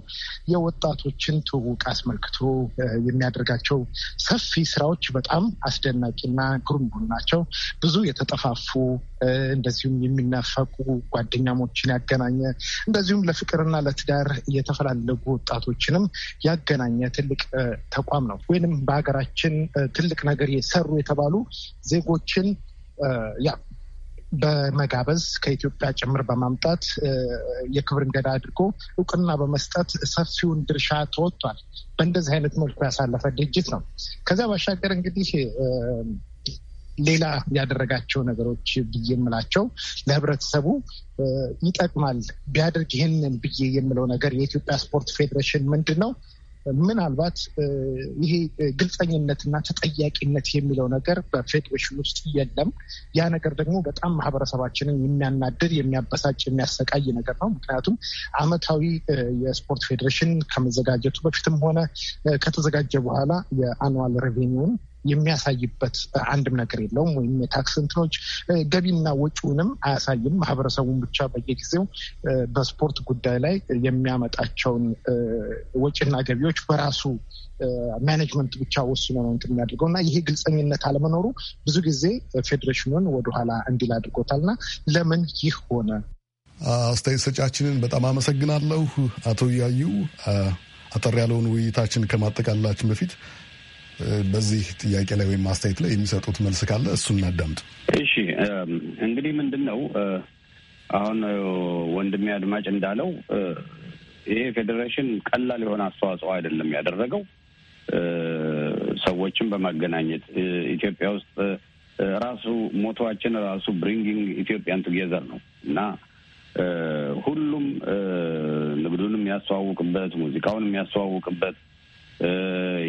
የወጣቶችን ትውውቅ አስመልክቶ የሚያደርጋቸው ሰፊ ስራዎች በጣም አስደናቂና ግሩም ናቸው። ብዙ የተጠፋፉ እንደዚሁም የሚናፈቁ ጓደኛሞችን ያገናኘ እንደዚሁም ለፍቅርና ለትዳር የተፈላለጉ ወጣቶችንም ያገናኘ ትልቅ ተቋም ነው። ወይንም በሀገራችን ትልቅ ነገር የሰሩ የተባሉ ዜጎችን በመጋበዝ ከኢትዮጵያ ጭምር በማምጣት የክብር እንግዳ አድርጎ እውቅና በመስጠት ሰፊውን ድርሻ ተወጥቷል። በእንደዚህ አይነት መልኩ ያሳለፈ ድርጅት ነው። ከዚያ ባሻገር እንግዲህ ሌላ ያደረጋቸው ነገሮች ብዬ የምላቸው ለህብረተሰቡ ይጠቅማል ቢያደርግ ይህንን ብዬ የምለው ነገር የኢትዮጵያ ስፖርት ፌዴሬሽን ምንድን ነው ምናልባት ይሄ ግልጸኝነትና ተጠያቂነት የሚለው ነገር በፌዴሬሽን ውስጥ የለም። ያ ነገር ደግሞ በጣም ማህበረሰባችንን የሚያናድድ፣ የሚያበሳጭ፣ የሚያሰቃይ ነገር ነው። ምክንያቱም አመታዊ የስፖርት ፌዴሬሽን ከመዘጋጀቱ በፊትም ሆነ ከተዘጋጀ በኋላ የአኑዋል ሬቬኒውን የሚያሳይበት አንድም ነገር የለውም። ወይም የታክስ እንትኖች ገቢና ወጪውንም አያሳይም። ማህበረሰቡን ብቻ በየጊዜው በስፖርት ጉዳይ ላይ የሚያመጣቸውን ወጪና ገቢዎች በራሱ ማኔጅመንት ብቻ ወስኖ ነው እንትን የሚያደርገው እና ይሄ ግልጸኝነት አለመኖሩ ብዙ ጊዜ ፌዴሬሽኑን ወደኋላ እንዲል አድርጎታል እና ለምን ይህ ሆነ? አስተያየት ሰጫችንን በጣም አመሰግናለሁ። አቶ እያዩ አጠር ያለውን ውይይታችን ከማጠቃለላችን በፊት በዚህ ጥያቄ ላይ ወይም አስተያየት ላይ የሚሰጡት መልስ ካለ እሱን እናዳምጥ። እሺ እንግዲህ ምንድን ነው አሁን ወንድሜ አድማጭ እንዳለው ይሄ ፌዴሬሽን ቀላል የሆነ አስተዋጽኦ አይደለም ያደረገው ሰዎችን በማገናኘት ኢትዮጵያ ውስጥ ራሱ ሞቶዋችን ራሱ ብሪንጊንግ ኢትዮጵያን ቱጌዘር ነው እና ሁሉም ንግዱን የሚያስተዋውቅበት፣ ሙዚቃውን የሚያስተዋውቅበት፣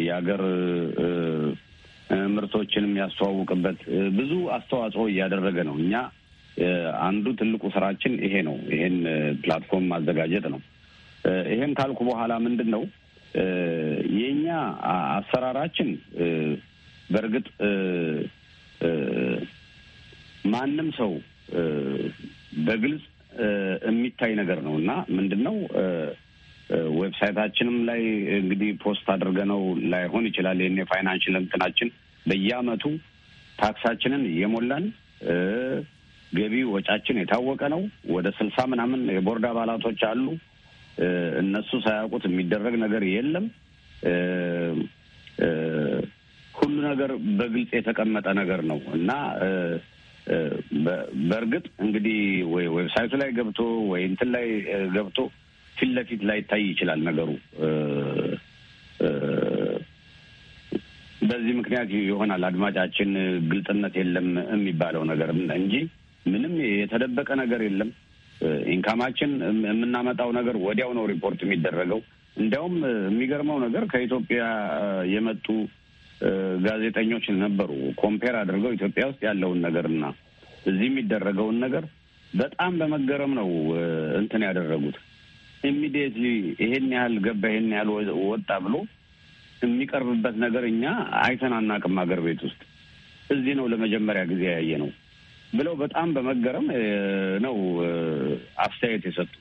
የአገር ምርቶችንም ያስተዋውቅበት ብዙ አስተዋጽኦ እያደረገ ነው። እኛ አንዱ ትልቁ ስራችን ይሄ ነው። ይሄን ፕላትፎርም ማዘጋጀት ነው። ይሄን ካልኩ በኋላ ምንድን ነው የእኛ አሰራራችን በእርግጥ ማንም ሰው በግልጽ የሚታይ ነገር ነው እና ምንድን ነው ዌብሳይታችንም ላይ እንግዲህ ፖስት አድርገነው ላይሆን ይችላል። ይህን የፋይናንሽል እንትናችን በየአመቱ ታክሳችንን እየሞላን ገቢ ወጫችን የታወቀ ነው። ወደ ስልሳ ምናምን የቦርድ አባላቶች አሉ። እነሱ ሳያውቁት የሚደረግ ነገር የለም። ሁሉ ነገር በግልጽ የተቀመጠ ነገር ነው እና በእርግጥ እንግዲህ ወይ ዌብሳይቱ ላይ ገብቶ ወይ እንትን ላይ ገብቶ ፊት ለፊት ላይታይ ይችላል ነገሩ። በዚህ ምክንያት ይሆናል አድማጫችን ግልጽነት የለም የሚባለው ነገር እንጂ ምንም የተደበቀ ነገር የለም። ኢንካማችን የምናመጣው ነገር ወዲያው ነው ሪፖርት የሚደረገው። እንዲያውም የሚገርመው ነገር ከኢትዮጵያ የመጡ ጋዜጠኞች ነበሩ። ኮምፔር አድርገው ኢትዮጵያ ውስጥ ያለውን ነገርና እዚህ የሚደረገውን ነገር በጣም በመገረም ነው እንትን ያደረጉት። ኢሚዲየትሊ ይሄን ያህል ገባ ይሄን ያህል ወጣ ብሎ የሚቀርብበት ነገር እኛ አይተን አናቅም። ሀገር ቤት ውስጥ እዚህ ነው ለመጀመሪያ ጊዜ ያየ ነው ብለው በጣም በመገረም ነው አስተያየት የሰጡት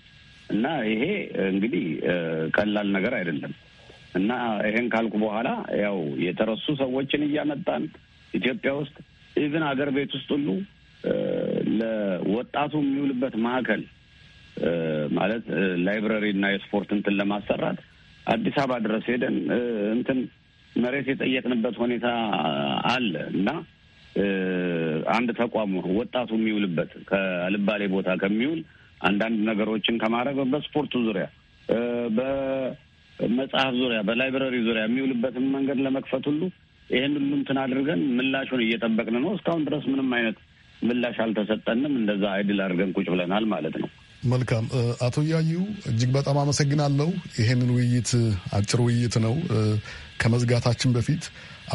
እና ይሄ እንግዲህ ቀላል ነገር አይደለም። እና ይሄን ካልኩ በኋላ ያው የተረሱ ሰዎችን እያመጣን ኢትዮጵያ ውስጥ ኢቭን ሀገር ቤት ውስጥ ሁሉ ለወጣቱ የሚውልበት ማዕከል ማለት ላይብረሪ እና የስፖርት እንትን ለማሰራት አዲስ አበባ ድረስ ሄደን እንትን መሬት የጠየቅንበት ሁኔታ አለ እና አንድ ተቋም ወጣቱ የሚውልበት ከልባሌ ቦታ ከሚውል አንዳንድ ነገሮችን ከማድረግ በስፖርቱ ዙሪያ በመጽሐፍ ዙሪያ በላይብረሪ ዙሪያ የሚውልበትን መንገድ ለመክፈት ሁሉ ይህን ሁሉ እንትን አድርገን ምላሹን እየጠበቅን ነው። እስካሁን ድረስ ምንም አይነት ምላሽ አልተሰጠንም። እንደዛ አይድል አድርገን ቁጭ ብለናል ማለት ነው። መልካም አቶ እያዩ እጅግ በጣም አመሰግናለሁ። ይሄንን ውይይት አጭር ውይይት ነው። ከመዝጋታችን በፊት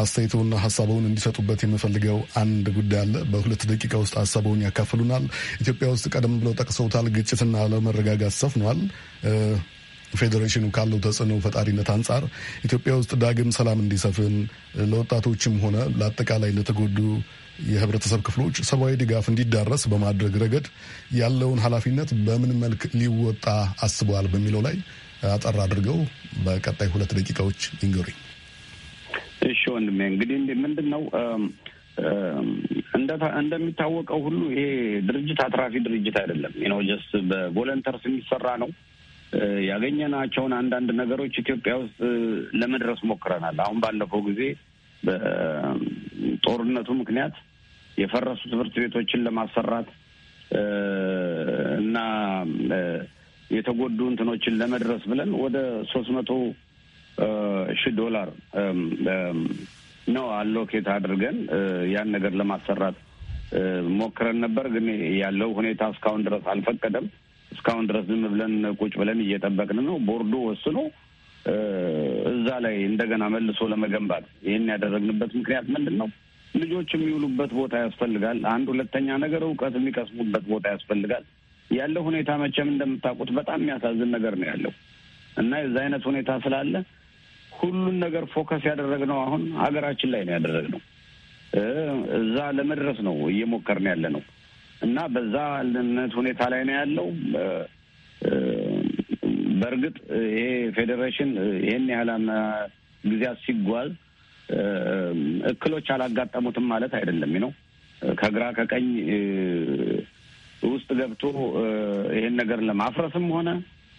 አስተያየተውና ሀሳበውን እንዲሰጡበት የምፈልገው አንድ ጉዳይ አለ። በሁለት ደቂቃ ውስጥ ሀሳበውን ያካፍሉናል። ኢትዮጵያ ውስጥ ቀደም ብለው ጠቅሰውታል፣ ግጭትና አለመረጋጋት ሰፍኗል። ፌዴሬሽኑ ካለው ተጽዕኖ ፈጣሪነት አንጻር ኢትዮጵያ ውስጥ ዳግም ሰላም እንዲሰፍን ለወጣቶችም ሆነ ለአጠቃላይ ለተጎዱ የህብረተሰብ ክፍሎች ሰብአዊ ድጋፍ እንዲዳረስ በማድረግ ረገድ ያለውን ኃላፊነት በምን መልክ ሊወጣ አስበዋል በሚለው ላይ አጠር አድርገው በቀጣይ ሁለት ደቂቃዎች ይንገሩኝ። እሺ ወንድሜ፣ እንግዲህ ምንድን ነው እንደሚታወቀው ሁሉ ይሄ ድርጅት አትራፊ ድርጅት አይደለም። ነው ጀስት በቮለንተርስ የሚሰራ ነው። ያገኘናቸውን አንዳንድ ነገሮች ኢትዮጵያ ውስጥ ለመድረስ ሞክረናል። አሁን ባለፈው ጊዜ በጦርነቱ ምክንያት የፈረሱ ትምህርት ቤቶችን ለማሰራት እና የተጎዱ እንትኖችን ለመድረስ ብለን ወደ ሶስት መቶ ሺ ዶላር ነው አሎኬት አድርገን ያን ነገር ለማሰራት ሞክረን ነበር። ግን ያለው ሁኔታ እስካሁን ድረስ አልፈቀደም። እስካሁን ድረስ ዝም ብለን ቁጭ ብለን እየጠበቅን ነው። ቦርዱ ወስኖ እዛ ላይ እንደገና መልሶ ለመገንባት ይህን ያደረግንበት ምክንያት ምንድን ነው? ልጆች የሚውሉበት ቦታ ያስፈልጋል። አንድ ሁለተኛ ነገር እውቀት የሚቀስሙበት ቦታ ያስፈልጋል። ያለው ሁኔታ መቼም እንደምታውቁት በጣም የሚያሳዝን ነገር ነው ያለው እና የዚ አይነት ሁኔታ ስላለ ሁሉን ነገር ፎከስ ያደረግነው አሁን ሀገራችን ላይ ነው ያደረግነው። እዛ ለመድረስ ነው እየሞከርን ያለ ነው እና በዛ አይነት ሁኔታ ላይ ነው ያለው። በእርግጥ ይሄ ፌዴሬሽን ይህን ያህል ጊዜያት ሲጓዝ እክሎች አላጋጠሙትም ማለት አይደለም ነው ከግራ ከቀኝ ውስጥ ገብቶ ይህን ነገር ለማፍረስም ሆነ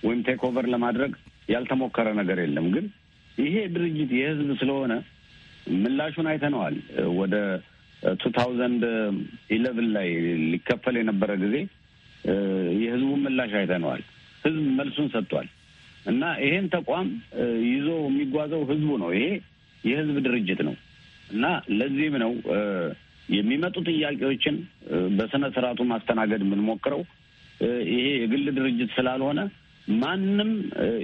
ወይም ቴክ ኦቨር ለማድረግ ያልተሞከረ ነገር የለም። ግን ይሄ ድርጅት የህዝብ ስለሆነ ምላሹን አይተነዋል። ወደ ቱ ታውዘንድ ኢለቭን ላይ ሊከፈል የነበረ ጊዜ የህዝቡን ምላሽ አይተነዋል። ህዝብ መልሱን ሰጥቷል እና ይሄን ተቋም ይዞ የሚጓዘው ህዝቡ ነው። ይሄ የህዝብ ድርጅት ነው እና ለዚህም ነው የሚመጡ ጥያቄዎችን በስነ ስርዓቱ ማስተናገድ የምንሞክረው። ይሄ የግል ድርጅት ስላልሆነ ማንም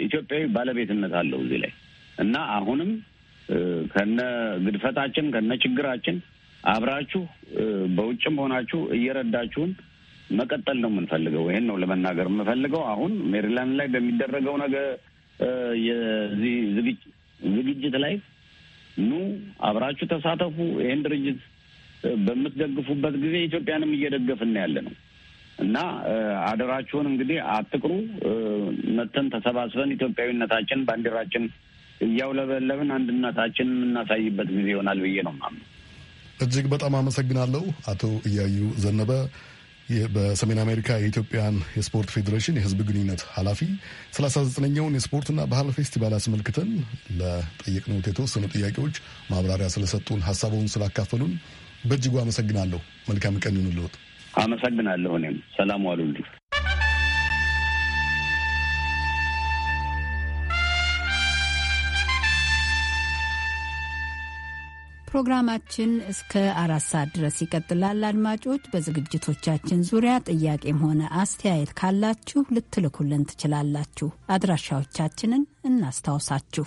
ኢትዮጵያዊ ባለቤትነት አለው እዚህ ላይ እና አሁንም ከነ ግድፈታችን ከነ ችግራችን አብራችሁ በውጭም ሆናችሁ እየረዳችሁን መቀጠል ነው የምንፈልገው። ይህን ነው ለመናገር የምፈልገው። አሁን ሜሪላንድ ላይ በሚደረገው ነገር የዚህ ዝግጅት ላይ ኑ አብራችሁ ተሳተፉ። ይህን ድርጅት በምትደግፉበት ጊዜ ኢትዮጵያንም እየደገፍን ያለ ነው እና አደራችሁን እንግዲህ አትቅሩ። መተን ተሰባስበን ኢትዮጵያዊነታችን፣ ባንዲራችን እያውለበለብን አንድነታችን የምናሳይበት ጊዜ ይሆናል ብዬ ነው ማምነው። እጅግ በጣም አመሰግናለሁ አቶ እያዩ ዘነበ። በሰሜን አሜሪካ የኢትዮጵያን የስፖርት ፌዴሬሽን የህዝብ ግንኙነት ኃላፊ 39ኛውን የስፖርትና ባህል ፌስቲቫል አስመልክተን ለጠየቅነው የተወሰኑ ጥያቄዎች ማብራሪያ ስለሰጡን፣ ሀሳቡን ስላካፈሉን በእጅጉ አመሰግናለሁ። መልካም ቀን ይሁንልዎት። አመሰግናለሁ። እኔም ሰላም ዋሉልኝ። ፕሮግራማችን እስከ አራት ሰዓት ድረስ ይቀጥላል። አድማጮች በዝግጅቶቻችን ዙሪያ ጥያቄም ሆነ አስተያየት ካላችሁ ልትልኩልን ትችላላችሁ። አድራሻዎቻችንን እናስታውሳችሁ።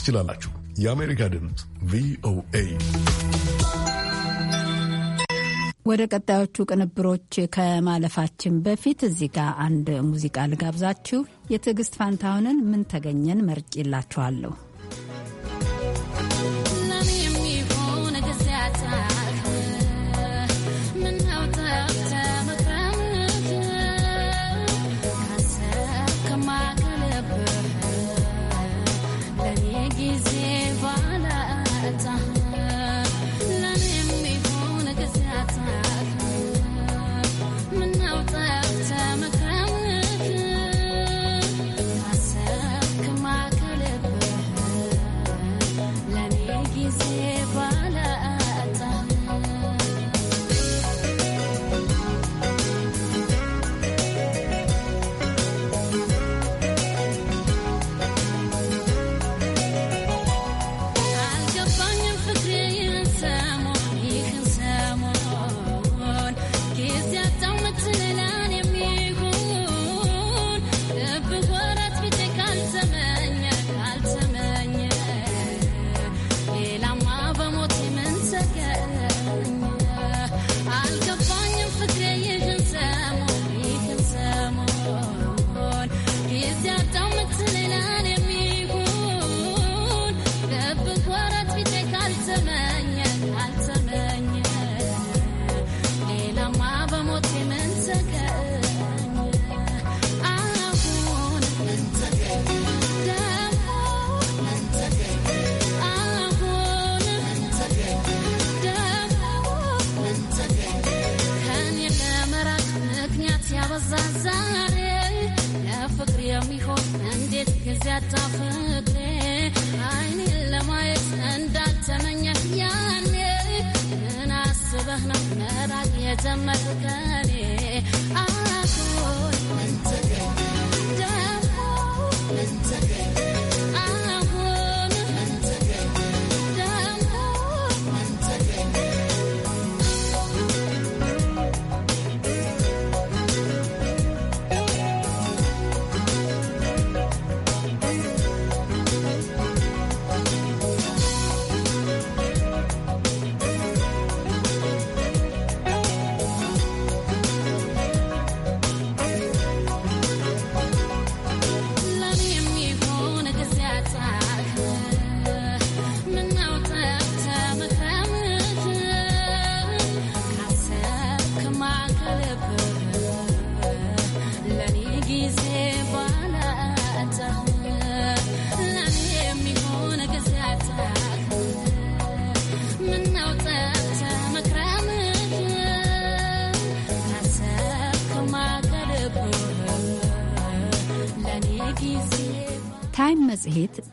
ትችላላችሁ። የአሜሪካ ድምፅ ቪኦኤ። ወደ ቀጣዮቹ ቅንብሮች ከማለፋችን በፊት እዚህ ጋር አንድ ሙዚቃ ልጋብዛችሁ። የትዕግስት ፋንታሁንን ምን ተገኘን መርጬላችኋለሁ።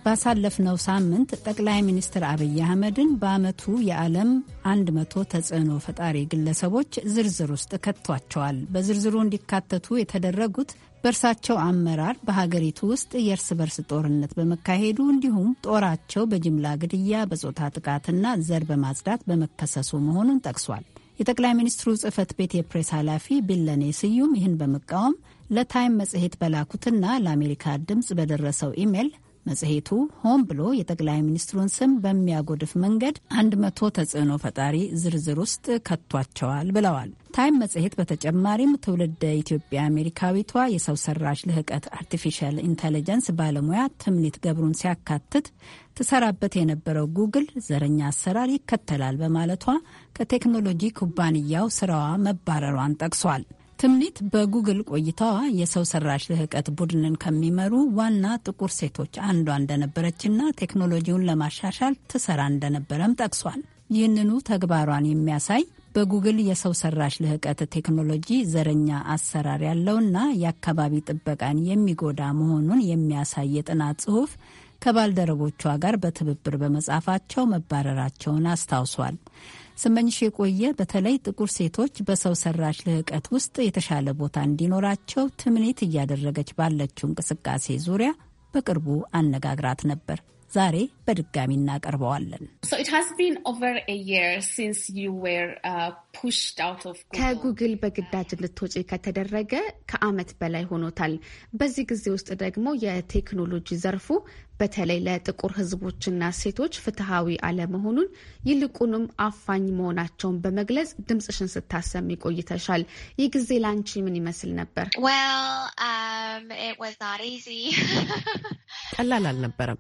ባሳለፍነው ሳምንት ጠቅላይ ሚኒስትር አብይ አህመድን በዓመቱ የዓለም 100 ተጽዕኖ ፈጣሪ ግለሰቦች ዝርዝር ውስጥ ከቷቸዋል። በዝርዝሩ እንዲካተቱ የተደረጉት በእርሳቸው አመራር በሀገሪቱ ውስጥ የእርስ በርስ ጦርነት በመካሄዱ እንዲሁም ጦራቸው በጅምላ ግድያ፣ በጾታ ጥቃትና ዘር በማጽዳት በመከሰሱ መሆኑን ጠቅሷል። የጠቅላይ ሚኒስትሩ ጽህፈት ቤት የፕሬስ ኃላፊ ቢለኔ ስዩም ይህን በመቃወም ለታይም መጽሔት በላኩትና ለአሜሪካ ድምፅ በደረሰው ኢሜል መጽሔቱ ሆን ብሎ የጠቅላይ ሚኒስትሩን ስም በሚያጎድፍ መንገድ አንድ መቶ ተጽዕኖ ፈጣሪ ዝርዝር ውስጥ ከቷቸዋል ብለዋል። ታይም መጽሔት በተጨማሪም ትውልደ ኢትዮጵያ አሜሪካዊቷ የሰው ሰራሽ ልህቀት አርቲፊሻል ኢንተለጀንስ ባለሙያ ትምኒት ገብሩን ሲያካትት ትሰራበት የነበረው ጉግል ዘረኛ አሰራር ይከተላል በማለቷ ከቴክኖሎጂ ኩባንያው ስራዋ መባረሯን ጠቅሷል። ትምኒት በጉግል ቆይታዋ የሰው ሰራሽ ልህቀት ቡድንን ከሚመሩ ዋና ጥቁር ሴቶች አንዷ እንደነበረችና ቴክኖሎጂውን ለማሻሻል ትሰራ እንደነበረም ጠቅሷል። ይህንኑ ተግባሯን የሚያሳይ በጉግል የሰው ሰራሽ ልህቀት ቴክኖሎጂ ዘረኛ አሰራር ያለውና የአካባቢ ጥበቃን የሚጎዳ መሆኑን የሚያሳይ የጥናት ጽሑፍ ከባልደረቦቿ ጋር በትብብር በመጻፋቸው መባረራቸውን አስታውሷል። ስመኝሽ የቆየ በተለይ ጥቁር ሴቶች በሰው ሰራሽ ልህቀት ውስጥ የተሻለ ቦታ እንዲኖራቸው ትምኔት እያደረገች ባለችው እንቅስቃሴ ዙሪያ በቅርቡ አነጋግራት ነበር። ዛሬ በድጋሚ እናቀርበዋለን። uh, ከጉግል በግዳጅ እንድትወጪ ከተደረገ ከዓመት በላይ ሆኖታል። በዚህ ጊዜ ውስጥ ደግሞ የቴክኖሎጂ ዘርፉ በተለይ ለጥቁር ሕዝቦችና ሴቶች ፍትሐዊ አለመሆኑን ይልቁንም አፋኝ መሆናቸውን በመግለጽ ድምፅሽን ስታሰሚ ቆይተሻል። ይህ ጊዜ ላንቺ ምን ይመስል ነበር? Um, ቀላል አልነበረም።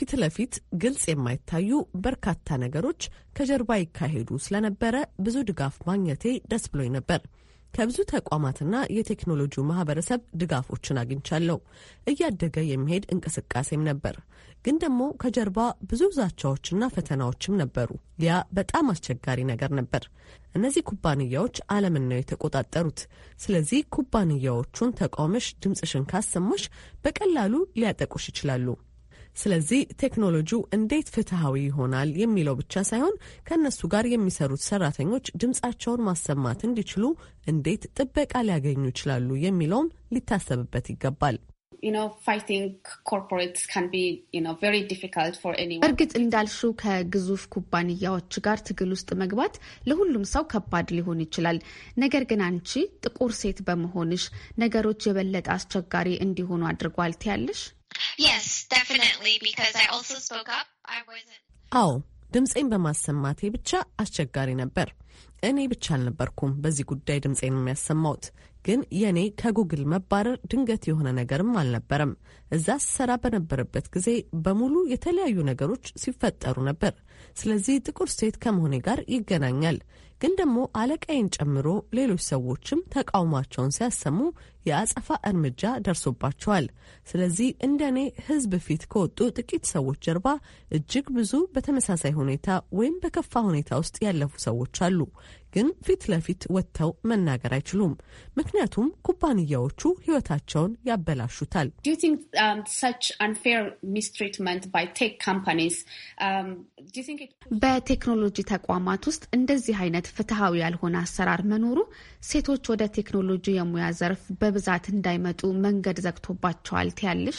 ፊት ለፊት ግልጽ የማይታዩ በርካታ ነገሮች ከጀርባ ይካሄዱ ስለነበረ ብዙ ድጋፍ ማግኘቴ ደስ ብሎኝ ነበር። ከብዙ ተቋማትና የቴክኖሎጂው ማህበረሰብ ድጋፎችን አግኝቻለሁ። እያደገ የሚሄድ እንቅስቃሴም ነበር። ግን ደግሞ ከጀርባ ብዙ ዛቻዎችና ፈተናዎችም ነበሩ። ያ በጣም አስቸጋሪ ነገር ነበር። እነዚህ ኩባንያዎች ዓለምን ነው የተቆጣጠሩት። ስለዚህ ኩባንያዎቹን ተቃውመሽ ድምፅሽን ካሰማሽ በቀላሉ ሊያጠቁሽ ይችላሉ። ስለዚህ ቴክኖሎጂው እንዴት ፍትሐዊ ይሆናል የሚለው ብቻ ሳይሆን ከእነሱ ጋር የሚሰሩት ሰራተኞች ድምጻቸውን ማሰማት እንዲችሉ እንዴት ጥበቃ ሊያገኙ ይችላሉ የሚለውም ሊታሰብበት ይገባል። እርግጥ እንዳልሽው ከግዙፍ ኩባንያዎች ጋር ትግል ውስጥ መግባት ለሁሉም ሰው ከባድ ሊሆን ይችላል። ነገር ግን አንቺ ጥቁር ሴት በመሆንሽ ነገሮች የበለጠ አስቸጋሪ እንዲሆኑ አድርጓል ትያለሽ? Yes, definitely, because I also spoke up. I wasn't... አዎ ድምፄን በማሰማቴ ብቻ አስቸጋሪ ነበር። እኔ ብቻ አልነበርኩም በዚህ ጉዳይ ድምፄን የሚያሰማውት ግን የእኔ ከጉግል መባረር ድንገት የሆነ ነገርም አልነበረም። እዛ ስሰራ በነበረበት ጊዜ በሙሉ የተለያዩ ነገሮች ሲፈጠሩ ነበር። ስለዚህ ጥቁር ሴት ከመሆኔ ጋር ይገናኛል። ግን ደግሞ አለቃዬን ጨምሮ ሌሎች ሰዎችም ተቃውሟቸውን ሲያሰሙ የአጸፋ እርምጃ ደርሶባቸዋል። ስለዚህ እንደ እኔ ሕዝብ ፊት ከወጡ ጥቂት ሰዎች ጀርባ እጅግ ብዙ በተመሳሳይ ሁኔታ ወይም በከፋ ሁኔታ ውስጥ ያለፉ ሰዎች አሉ። ይችላሉ፣ ግን ፊት ለፊት ወጥተው መናገር አይችሉም። ምክንያቱም ኩባንያዎቹ ህይወታቸውን ያበላሹታል። um, um, በቴክኖሎጂ ተቋማት ውስጥ እንደዚህ አይነት ፍትሐዊ ያልሆነ አሰራር መኖሩ ሴቶች ወደ ቴክኖሎጂ የሙያ ዘርፍ በብዛት እንዳይመጡ መንገድ ዘግቶባቸዋል ትያለሽ?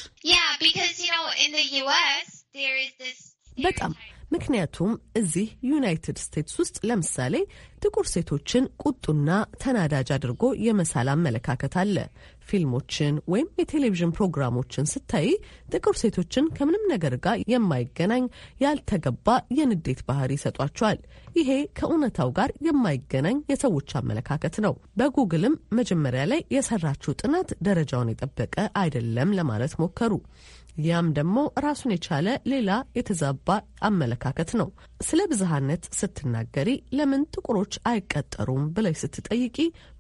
በጣም ምክንያቱም እዚህ ዩናይትድ ስቴትስ ውስጥ ለምሳሌ ጥቁር ሴቶችን ቁጡና ተናዳጅ አድርጎ የመሳል አመለካከት አለ። ፊልሞችን ወይም የቴሌቪዥን ፕሮግራሞችን ስታይ ጥቁር ሴቶችን ከምንም ነገር ጋር የማይገናኝ ያልተገባ የንዴት ባህሪ ይሰጧቸዋል። ይሄ ከእውነታው ጋር የማይገናኝ የሰዎች አመለካከት ነው። በጉግልም መጀመሪያ ላይ የሰራችው ጥናት ደረጃውን የጠበቀ አይደለም ለማለት ሞከሩ። ያም ደግሞ ራሱን የቻለ ሌላ የተዛባ አመለካከት ነው። ስለ ብዝሃነት ስትናገሪ ለምን ጥቁሮች አይቀጠሩም ብለሽ ስትጠይቂ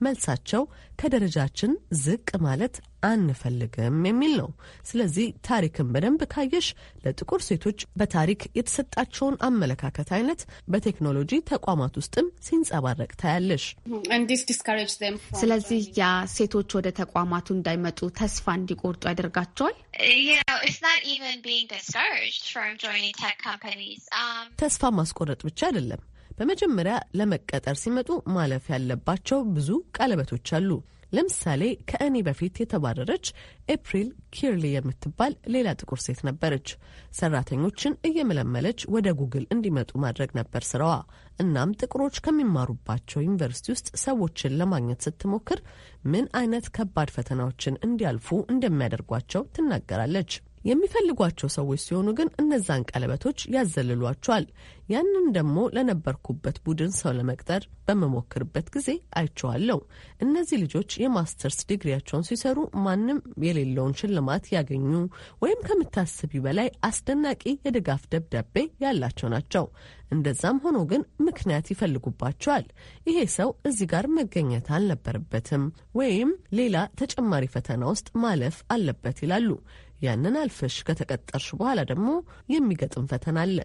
መልሳቸው ከደረጃችን ዝቅ ማለት አንፈልግም የሚል ነው። ስለዚህ ታሪክን በደንብ ካየሽ ለጥቁር ሴቶች በታሪክ የተሰጣቸውን አመለካከት አይነት በቴክኖሎጂ ተቋማት ውስጥም ሲንጸባረቅ ታያለሽ። ስለዚህ ያ ሴቶች ወደ ተቋማቱ እንዳይመጡ ተስፋ እንዲቆርጡ ያደርጋቸዋል። um, ተስፋ ማስቆረጥ ብቻ አይደለም። በመጀመሪያ ለመቀጠር ሲመጡ ማለፍ ያለባቸው ብዙ ቀለበቶች አሉ። ለምሳሌ ከእኔ በፊት የተባረረች ኤፕሪል ኪርሊ የምትባል ሌላ ጥቁር ሴት ነበረች። ሰራተኞችን እየመለመለች ወደ ጉግል እንዲመጡ ማድረግ ነበር ስራዋ። እናም ጥቁሮች ከሚማሩባቸው ዩኒቨርሲቲ ውስጥ ሰዎችን ለማግኘት ስትሞክር ምን አይነት ከባድ ፈተናዎችን እንዲያልፉ እንደሚያደርጓቸው ትናገራለች። የሚፈልጓቸው ሰዎች ሲሆኑ ግን እነዛን ቀለበቶች ያዘልሏቸዋል። ያንን ደግሞ ለነበርኩበት ቡድን ሰው ለመቅጠር በመሞክርበት ጊዜ አይቸዋለሁ። እነዚህ ልጆች የማስተርስ ዲግሪያቸውን ሲሰሩ ማንም የሌለውን ሽልማት ያገኙ ወይም ከምታስቢ በላይ አስደናቂ የድጋፍ ደብዳቤ ያላቸው ናቸው። እንደዛም ሆኖ ግን ምክንያት ይፈልጉባቸዋል። ይሄ ሰው እዚህ ጋር መገኘት አልነበረበትም ወይም ሌላ ተጨማሪ ፈተና ውስጥ ማለፍ አለበት ይላሉ። ያንን አልፈሽ ከተቀጠርሽ በኋላ ደግሞ የሚገጥም ፈተና አለ።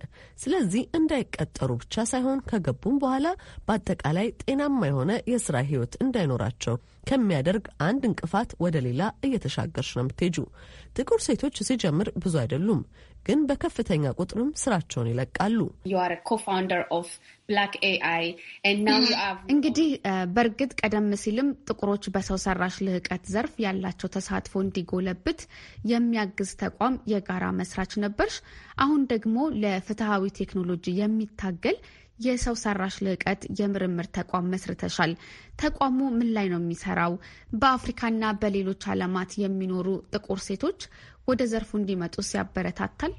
ስለዚህ እንዳይቀጠሩ ብቻ ሳይሆን ከገቡም በኋላ በአጠቃላይ ጤናማ የሆነ የስራ ህይወት እንዳይኖራቸው ከሚያደርግ አንድ እንቅፋት ወደ ሌላ እየተሻገርሽ ነው የምትሄጁ። ጥቁር ሴቶች ሲጀምር ብዙ አይደሉም። ግን በከፍተኛ ቁጥርም ስራቸውን ይለቃሉ። እንግዲህ በእርግጥ ቀደም ሲልም ጥቁሮች በሰው ሰራሽ ልህቀት ዘርፍ ያላቸው ተሳትፎ እንዲጎለብት የሚያግዝ ተቋም የጋራ መስራች ነበርሽ። አሁን ደግሞ ለፍትሐዊ ቴክኖሎጂ የሚታገል የሰው ሰራሽ ልዕቀት የምርምር ተቋም መስርተሻል። ተቋሙ ምን ላይ ነው የሚሰራው? በአፍሪካና በሌሎች ዓለማት የሚኖሩ ጥቁር ሴቶች ወደ ዘርፉ እንዲመጡ ሲያበረታታል።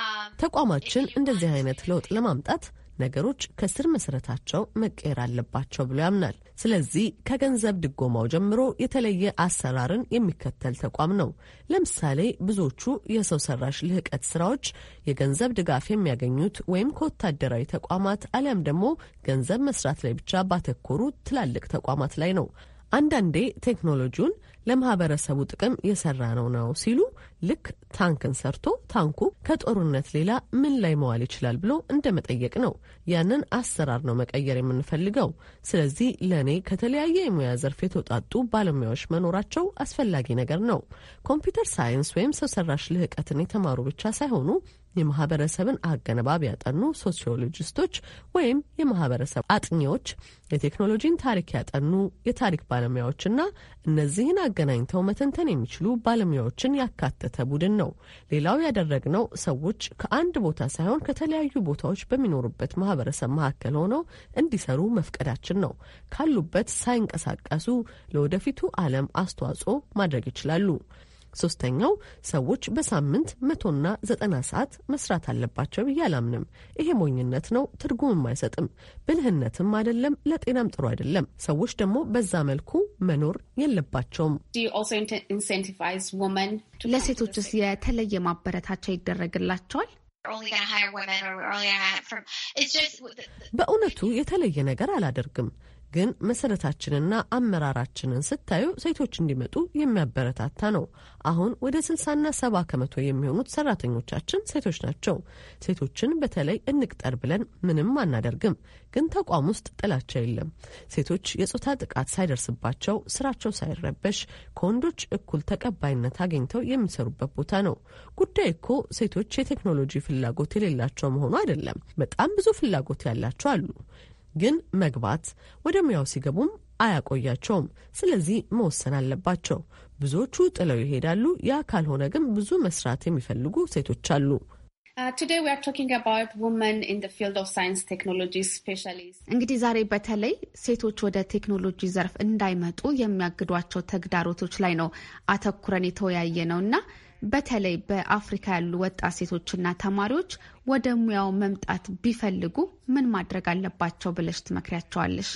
um, ተቋማችን እንደዚህ አይነት ለውጥ ለማምጣት ነገሮች ከስር መሰረታቸው መቀየር አለባቸው ብሎ ያምናል። ስለዚህ ከገንዘብ ድጎማው ጀምሮ የተለየ አሰራርን የሚከተል ተቋም ነው። ለምሳሌ ብዙዎቹ የሰው ሰራሽ ልህቀት ስራዎች የገንዘብ ድጋፍ የሚያገኙት ወይም ከወታደራዊ ተቋማት አሊያም ደግሞ ገንዘብ መስራት ላይ ብቻ ባተኮሩ ትላልቅ ተቋማት ላይ ነው። አንዳንዴ ቴክኖሎጂውን ለማህበረሰቡ ጥቅም የሰራ ነው ነው ሲሉ ልክ ታንክን ሰርቶ ታንኩ ከጦርነት ሌላ ምን ላይ መዋል ይችላል ብሎ እንደ መጠየቅ ነው። ያንን አሰራር ነው መቀየር የምንፈልገው። ስለዚህ ለእኔ ከተለያየ የሙያ ዘርፍ የተውጣጡ ባለሙያዎች መኖራቸው አስፈላጊ ነገር ነው። ኮምፒውተር ሳይንስ ወይም ሰው ሰራሽ ልህቀትን የተማሩ ብቻ ሳይሆኑ የማህበረሰብን አገነባብ ያጠኑ ሶሲዮሎጂስቶች ወይም የማህበረሰብ አጥኚዎች፣ የቴክኖሎጂን ታሪክ ያጠኑ የታሪክ ባለሙያዎችና እነዚህን አገናኝተው መተንተን የሚችሉ ባለሙያዎችን ያካተተ ቡድን ነው። ሌላው ያደረግነው ሰዎች ከአንድ ቦታ ሳይሆን ከተለያዩ ቦታዎች በሚኖሩበት ማህበረሰብ መካከል ሆነው እንዲሰሩ መፍቀዳችን ነው። ካሉበት ሳይንቀሳቀሱ ለወደፊቱ ዓለም አስተዋጽኦ ማድረግ ይችላሉ። ሶስተኛው ሰዎች በሳምንት መቶና ዘጠና ሰዓት መስራት አለባቸው ብዬ አላምንም። ይሄ ሞኝነት ነው፣ ትርጉምም አይሰጥም፣ ብልህነትም አይደለም፣ ለጤናም ጥሩ አይደለም። ሰዎች ደግሞ በዛ መልኩ መኖር የለባቸውም። ለሴቶችስ የተለየ ማበረታቻ ይደረግላቸዋል? በእውነቱ የተለየ ነገር አላደርግም። ግን መሰረታችንና አመራራችንን ስታዩ ሴቶች እንዲመጡ የሚያበረታታ ነው። አሁን ወደ ስልሳና ሰባ ከመቶ የሚሆኑት ሰራተኞቻችን ሴቶች ናቸው። ሴቶችን በተለይ እንቅጠር ብለን ምንም አናደርግም፣ ግን ተቋም ውስጥ ጥላቻ የለም። ሴቶች የጾታ ጥቃት ሳይደርስባቸው ስራቸው ሳይረበሽ ከወንዶች እኩል ተቀባይነት አግኝተው የሚሰሩበት ቦታ ነው። ጉዳይ እኮ ሴቶች የቴክኖሎጂ ፍላጎት የሌላቸው መሆኑ አይደለም። በጣም ብዙ ፍላጎት ያላቸው አሉ። ግን መግባት ወደ ሙያው ሲገቡም አያቆያቸውም። ስለዚህ መወሰን አለባቸው። ብዙዎቹ ጥለው ይሄዳሉ። ያ ካልሆነ ግን ብዙ መስራት የሚፈልጉ ሴቶች አሉ። uh, እንግዲህ ዛሬ በተለይ ሴቶች ወደ ቴክኖሎጂ ዘርፍ እንዳይመጡ የሚያግዷቸው ተግዳሮቶች ላይ ነው አተኩረን የተወያየ ነው እና በተለይ በአፍሪካ ያሉ ወጣት ሴቶችና ተማሪዎች ወደ ሙያው መምጣት ቢፈልጉ ምን ማድረግ አለባቸው ብለሽ ትመክሪያቸዋለሽ?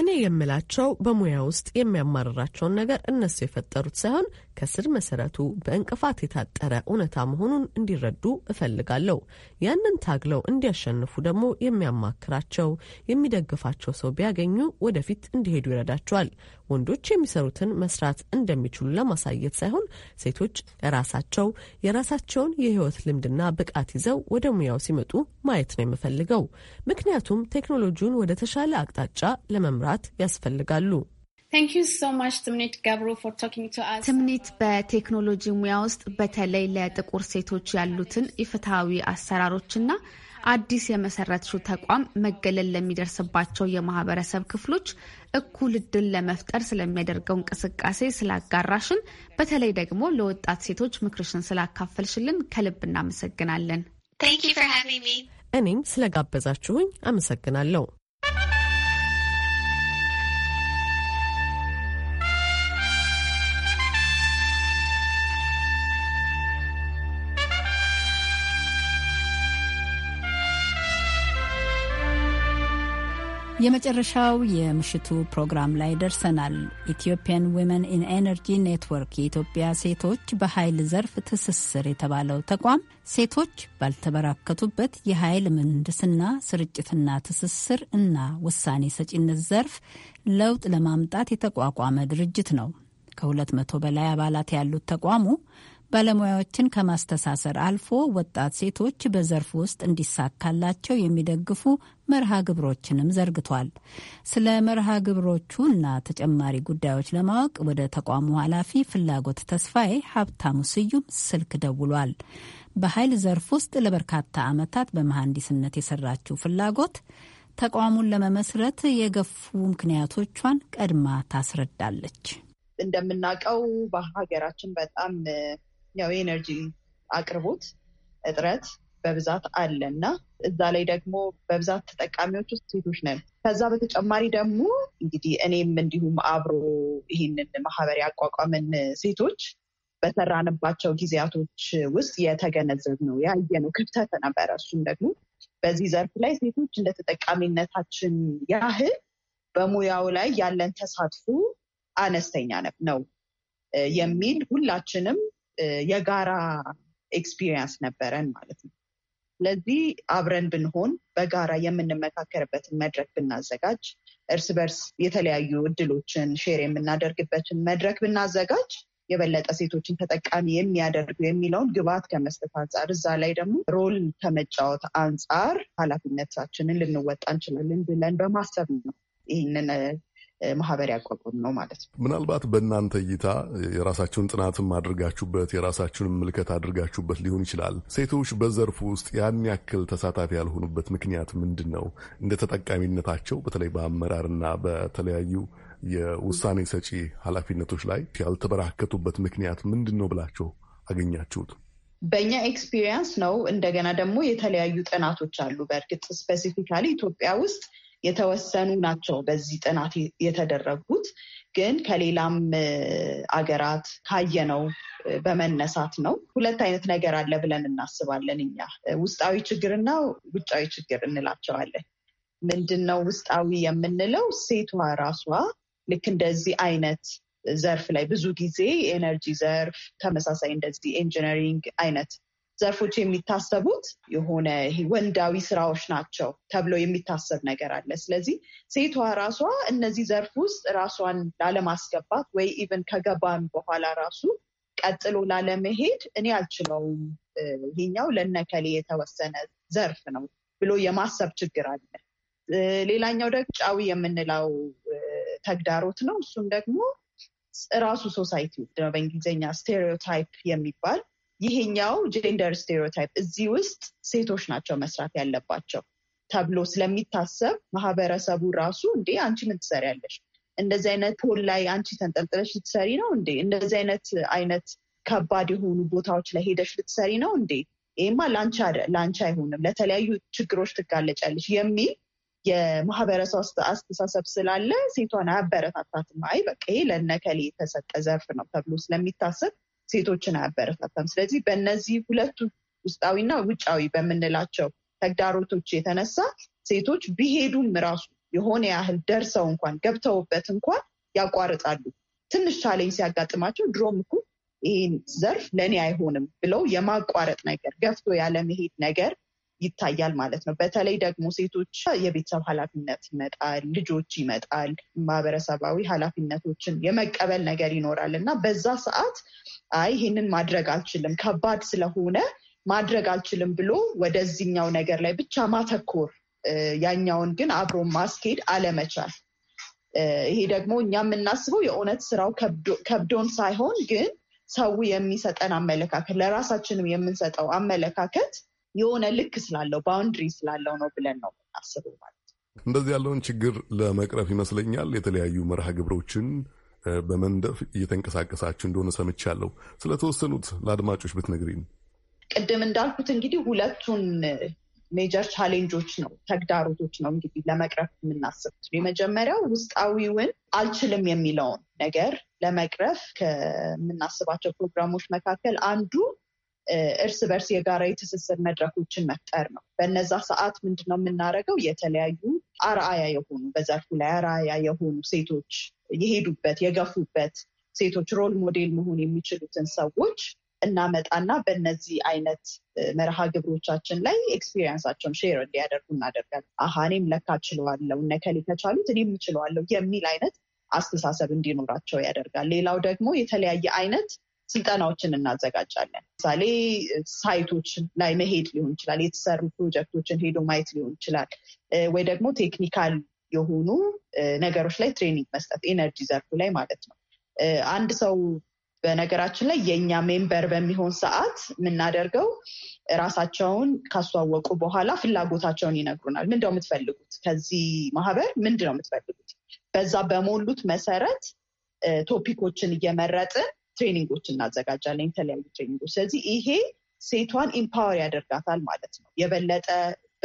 እኔ የምላቸው በሙያ ውስጥ የሚያማርራቸውን ነገር እነሱ የፈጠሩት ሳይሆን ከስር መሰረቱ በእንቅፋት የታጠረ እውነታ መሆኑን እንዲረዱ እፈልጋለሁ። ያንን ታግለው እንዲያሸንፉ ደግሞ የሚያማክራቸው፣ የሚደግፋቸው ሰው ቢያገኙ ወደፊት እንዲሄዱ ይረዳቸዋል። ወንዶች የሚሰሩትን መስራት እንደሚችሉ ለማሳየት ሳይሆን ሴቶች ራሳቸው የራሳቸውን የህይወት ልምድና ብቃት ይዘው ወደ ሙያው ሲመጡ ማየት ነው የምፈልገው። ምክንያቱም እንዲሁም ቴክኖሎጂውን ወደ ተሻለ አቅጣጫ ለመምራት ያስፈልጋሉ። ትምኒት በቴክኖሎጂ ሙያ ውስጥ በተለይ ለጥቁር ሴቶች ያሉትን ኢፍትሐዊ አሰራሮችና አዲስ የመሰረትሽው ተቋም መገለል ለሚደርስባቸው የማህበረሰብ ክፍሎች እኩል እድል ለመፍጠር ስለሚያደርገው እንቅስቃሴ ስላጋራሽን፣ በተለይ ደግሞ ለወጣት ሴቶች ምክርሽን ስላካፈልሽልን ከልብ እናመሰግናለን። እኔም ስለጋበዛችሁኝ አመሰግናለሁ። የመጨረሻው የምሽቱ ፕሮግራም ላይ ደርሰናል። ኢትዮጵያን ዊመን ኢን ኤነርጂ ኔትወርክ የኢትዮጵያ ሴቶች በኃይል ዘርፍ ትስስር የተባለው ተቋም ሴቶች ባልተበራከቱበት የኃይል ምህንድስና፣ ስርጭትና ትስስር እና ውሳኔ ሰጪነት ዘርፍ ለውጥ ለማምጣት የተቋቋመ ድርጅት ነው። ከሁለት መቶ በላይ አባላት ያሉት ተቋሙ ባለሙያዎችን ከማስተሳሰር አልፎ ወጣት ሴቶች በዘርፍ ውስጥ እንዲሳካላቸው የሚደግፉ መርሃ ግብሮችንም ዘርግቷል። ስለ መርሃ ግብሮቹ እና ተጨማሪ ጉዳዮች ለማወቅ ወደ ተቋሙ ኃላፊ ፍላጎት ተስፋዬ ሀብታሙ ስዩም ስልክ ደውሏል። በኃይል ዘርፍ ውስጥ ለበርካታ ዓመታት በመሐንዲስነት የሰራችው ፍላጎት ተቋሙን ለመመስረት የገፉ ምክንያቶቿን ቀድማ ታስረዳለች። እንደምናውቀው በሀገራችን በጣም ያው የኤነርጂ አቅርቦት እጥረት በብዛት አለ እና እዛ ላይ ደግሞ በብዛት ተጠቃሚዎች ውስጥ ሴቶች ነን። ከዛ በተጨማሪ ደግሞ እንግዲህ እኔም እንዲሁም አብሮ ይህንን ማህበር ያቋቋምን ሴቶች በሰራንባቸው ጊዜያቶች ውስጥ የተገነዘብ ነው ያየ ነው ክፍተት ነበረ። እሱም ደግሞ በዚህ ዘርፍ ላይ ሴቶች እንደ ተጠቃሚነታችን ያህል በሙያው ላይ ያለን ተሳትፎ አነስተኛ ነው የሚል ሁላችንም የጋራ ኤክስፒሪየንስ ነበረን ማለት ነው። ስለዚህ አብረን ብንሆን በጋራ የምንመካከርበትን መድረክ ብናዘጋጅ፣ እርስ በርስ የተለያዩ እድሎችን ሼር የምናደርግበትን መድረክ ብናዘጋጅ የበለጠ ሴቶችን ተጠቃሚ የሚያደርጉ የሚለውን ግብዓት ከመስጠት አንጻር እዛ ላይ ደግሞ ሮል ከመጫወት አንጻር ኃላፊነታችንን ልንወጣ እንችላለን ብለን በማሰብ ነው ይህንን ማህበር ያቋቋም ነው ማለት ነው። ምናልባት በእናንተ እይታ የራሳችሁን ጥናትም አድርጋችሁበት የራሳችሁን ምልከት አድርጋችሁበት ሊሆን ይችላል። ሴቶች በዘርፉ ውስጥ ያን ያክል ተሳታፊ ያልሆኑበት ምክንያት ምንድን ነው? እንደ ተጠቃሚነታቸው በተለይ በአመራርና በተለያዩ የውሳኔ ሰጪ ኃላፊነቶች ላይ ያልተበራከቱበት ምክንያት ምንድን ነው ብላችሁ አገኛችሁት? በእኛ ኤክስፒሪየንስ ነው። እንደገና ደግሞ የተለያዩ ጥናቶች አሉ። በእርግጥ ስፔሲፊካሊ ኢትዮጵያ ውስጥ የተወሰኑ ናቸው በዚህ ጥናት የተደረጉት። ግን ከሌላም አገራት ካየነው በመነሳት ነው። ሁለት አይነት ነገር አለ ብለን እናስባለን እኛ ውስጣዊ ችግርና ውጫዊ ችግር እንላቸዋለን። ምንድን ነው ውስጣዊ የምንለው? ሴቷ ራሷ ልክ እንደዚህ አይነት ዘርፍ ላይ ብዙ ጊዜ ኤነርጂ ዘርፍ ተመሳሳይ እንደዚህ ኢንጂነሪንግ አይነት ዘርፎች የሚታሰቡት የሆነ ወንዳዊ ስራዎች ናቸው ተብሎ የሚታሰብ ነገር አለ። ስለዚህ ሴቷ ራሷ እነዚህ ዘርፍ ውስጥ ራሷን ላለማስገባት ወይ ኢቨን ከገባን በኋላ ራሱ ቀጥሎ ላለመሄድ እኔ አልችለውም፣ ይሄኛው ለነከሌ የተወሰነ ዘርፍ ነው ብሎ የማሰብ ችግር አለ። ሌላኛው ደግሞ ጫዊ የምንለው ተግዳሮት ነው። እሱም ደግሞ ራሱ ሶሳይቲ በእንግሊዝኛ ስቴሪዮታይፕ የሚባል ይሄኛው ጄንደር ስቴሪዮታይፕ እዚህ ውስጥ ሴቶች ናቸው መስራት ያለባቸው ተብሎ ስለሚታሰብ ማህበረሰቡ ራሱ እንዴ አንቺ ምን ትሰሪያለሽ? እንደዚህ አይነት ፖል ላይ አንቺ ተንጠልጥለሽ ልትሰሪ ነው እንዴ? እንደዚህ አይነት አይነት ከባድ የሆኑ ቦታዎች ላይ ሄደሽ ልትሰሪ ነው እንዴ? ይህማ ለአንቺ አይሆንም፣ ለተለያዩ ችግሮች ትጋለጫለሽ የሚል የማህበረሰብ አስተሳሰብ ስላለ ሴቷን አያበረታታትም። አይ በቃ ይሄ ለነከሌ የተሰጠ ዘርፍ ነው ተብሎ ስለሚታሰብ ሴቶችን አያበረታታም። ስለዚህ በእነዚህ ሁለቱ ውስጣዊና ውጫዊ በምንላቸው ተግዳሮቶች የተነሳ ሴቶች ቢሄዱም ራሱ የሆነ ያህል ደርሰው እንኳን ገብተውበት እንኳን ያቋርጣሉ። ትንሽ ቻሌንጅ ሲያጋጥማቸው ድሮም እኮ ይህን ዘርፍ ለእኔ አይሆንም ብለው የማቋረጥ ነገር ገፍቶ ያለመሄድ ነገር ይታያል ማለት ነው። በተለይ ደግሞ ሴቶች የቤተሰብ ኃላፊነት ይመጣል፣ ልጆች ይመጣል፣ ማህበረሰባዊ ኃላፊነቶችን የመቀበል ነገር ይኖራል እና በዛ ሰዓት አይ ይህንን ማድረግ አልችልም ከባድ ስለሆነ ማድረግ አልችልም ብሎ ወደዚህኛው ነገር ላይ ብቻ ማተኮር፣ ያኛውን ግን አብሮ ማስኬድ አለመቻል። ይሄ ደግሞ እኛ የምናስበው የእውነት ስራው ከብዶን ሳይሆን ግን ሰው የሚሰጠን አመለካከት ለራሳችንም የምንሰጠው አመለካከት የሆነ ልክ ስላለው ባውንድሪ ስላለው ነው ብለን ነው የምናስበው ማለት ነው። እንደዚህ ያለውን ችግር ለመቅረፍ ይመስለኛል የተለያዩ መርሃ ግብሮችን በመንደፍ እየተንቀሳቀሳችሁ እንደሆነ ሰምቻለሁ። ስለተወሰኑት ለአድማጮች ብትነግሪን። ቅድም እንዳልኩት እንግዲህ ሁለቱን ሜጀር ቻሌንጆች ነው ተግዳሮቶች ነው እንግዲህ ለመቅረፍ የምናስብት የመጀመሪያው ውስጣዊውን አልችልም የሚለውን ነገር ለመቅረፍ ከምናስባቸው ፕሮግራሞች መካከል አንዱ እርስ በርስ የጋራ የትስስር መድረኮችን መፍጠር ነው። በነዛ ሰዓት ምንድን ነው የምናደርገው? የተለያዩ አርአያ የሆኑ በዘርፉ ላይ አርአያ የሆኑ ሴቶች የሄዱበት የገፉበት ሴቶች ሮል ሞዴል መሆን የሚችሉትን ሰዎች እናመጣና በነዚህ አይነት መርሃ ግብሮቻችን ላይ ኤክስፒሪየንሳቸውን ሼር እንዲያደርጉ እናደርጋለን። አሀ እኔም ለካ ችለዋለው እነ ከሌ ከቻሉት እኔም ችለዋለው የሚል አይነት አስተሳሰብ እንዲኖራቸው ያደርጋል። ሌላው ደግሞ የተለያየ አይነት ስልጠናዎችን እናዘጋጃለን። ምሳሌ ሳይቶች ላይ መሄድ ሊሆን ይችላል፣ የተሰሩ ፕሮጀክቶችን ሄዶ ማየት ሊሆን ይችላል፣ ወይ ደግሞ ቴክኒካል የሆኑ ነገሮች ላይ ትሬኒንግ መስጠት ኤነርጂ ዘርፉ ላይ ማለት ነው። አንድ ሰው በነገራችን ላይ የእኛ ሜምበር በሚሆን ሰዓት የምናደርገው ራሳቸውን ካስተዋወቁ በኋላ ፍላጎታቸውን ይነግሩናል። ምንድን ነው የምትፈልጉት? ከዚህ ማህበር ምንድን ነው የምትፈልጉት? በዛ በሞሉት መሰረት ቶፒኮችን እየመረጥን ትሬኒንጎች እናዘጋጃለን፣ የተለያዩ ትሬኒንጎች። ስለዚህ ይሄ ሴቷን ኢምፓወር ያደርጋታል ማለት ነው። የበለጠ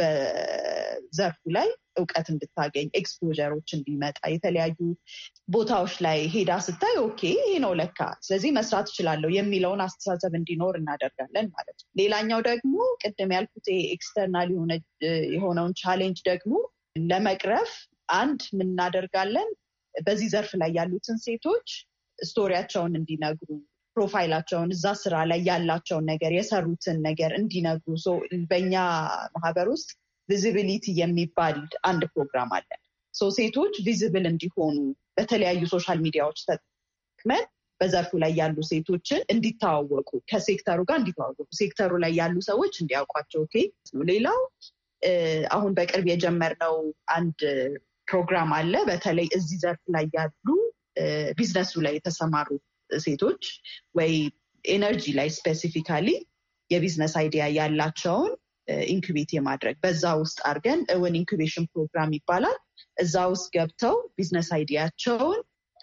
በዘርፉ ላይ እውቀት እንድታገኝ ኤክስፖጀሮች እንዲመጣ የተለያዩ ቦታዎች ላይ ሄዳ ስታይ ኦኬ ይሄ ነው ለካ፣ ስለዚህ መስራት እችላለሁ የሚለውን አስተሳሰብ እንዲኖር እናደርጋለን ማለት ነው። ሌላኛው ደግሞ ቅድም ያልኩት ኤክስተርናል የሆነውን ቻሌንጅ ደግሞ ለመቅረፍ አንድ ምን እናደርጋለን በዚህ ዘርፍ ላይ ያሉትን ሴቶች ስቶሪያቸውን እንዲነግሩ ፕሮፋይላቸውን እዛ ስራ ላይ ያላቸውን ነገር የሰሩትን ነገር እንዲነግሩ በእኛ ማህበር ውስጥ ቪዚቢሊቲ የሚባል አንድ ፕሮግራም አለ። ሴቶች ቪዚብል እንዲሆኑ በተለያዩ ሶሻል ሚዲያዎች ተጠቅመን በዘርፉ ላይ ያሉ ሴቶችን እንዲተዋወቁ ከሴክተሩ ጋር እንዲተዋወቁ ሴክተሩ ላይ ያሉ ሰዎች እንዲያውቋቸው ነው። ሌላው አሁን በቅርብ የጀመርነው አንድ ፕሮግራም አለ። በተለይ እዚህ ዘርፍ ላይ ያሉ ቢዝነሱ ላይ የተሰማሩ ሴቶች ወይ ኤነርጂ ላይ ስፔሲፊካሊ የቢዝነስ አይዲያ ያላቸውን ኢንኩቤት የማድረግ በዛ ውስጥ አድርገን እውን ኢንኩቤሽን ፕሮግራም ይባላል። እዛ ውስጥ ገብተው ቢዝነስ አይዲያቸውን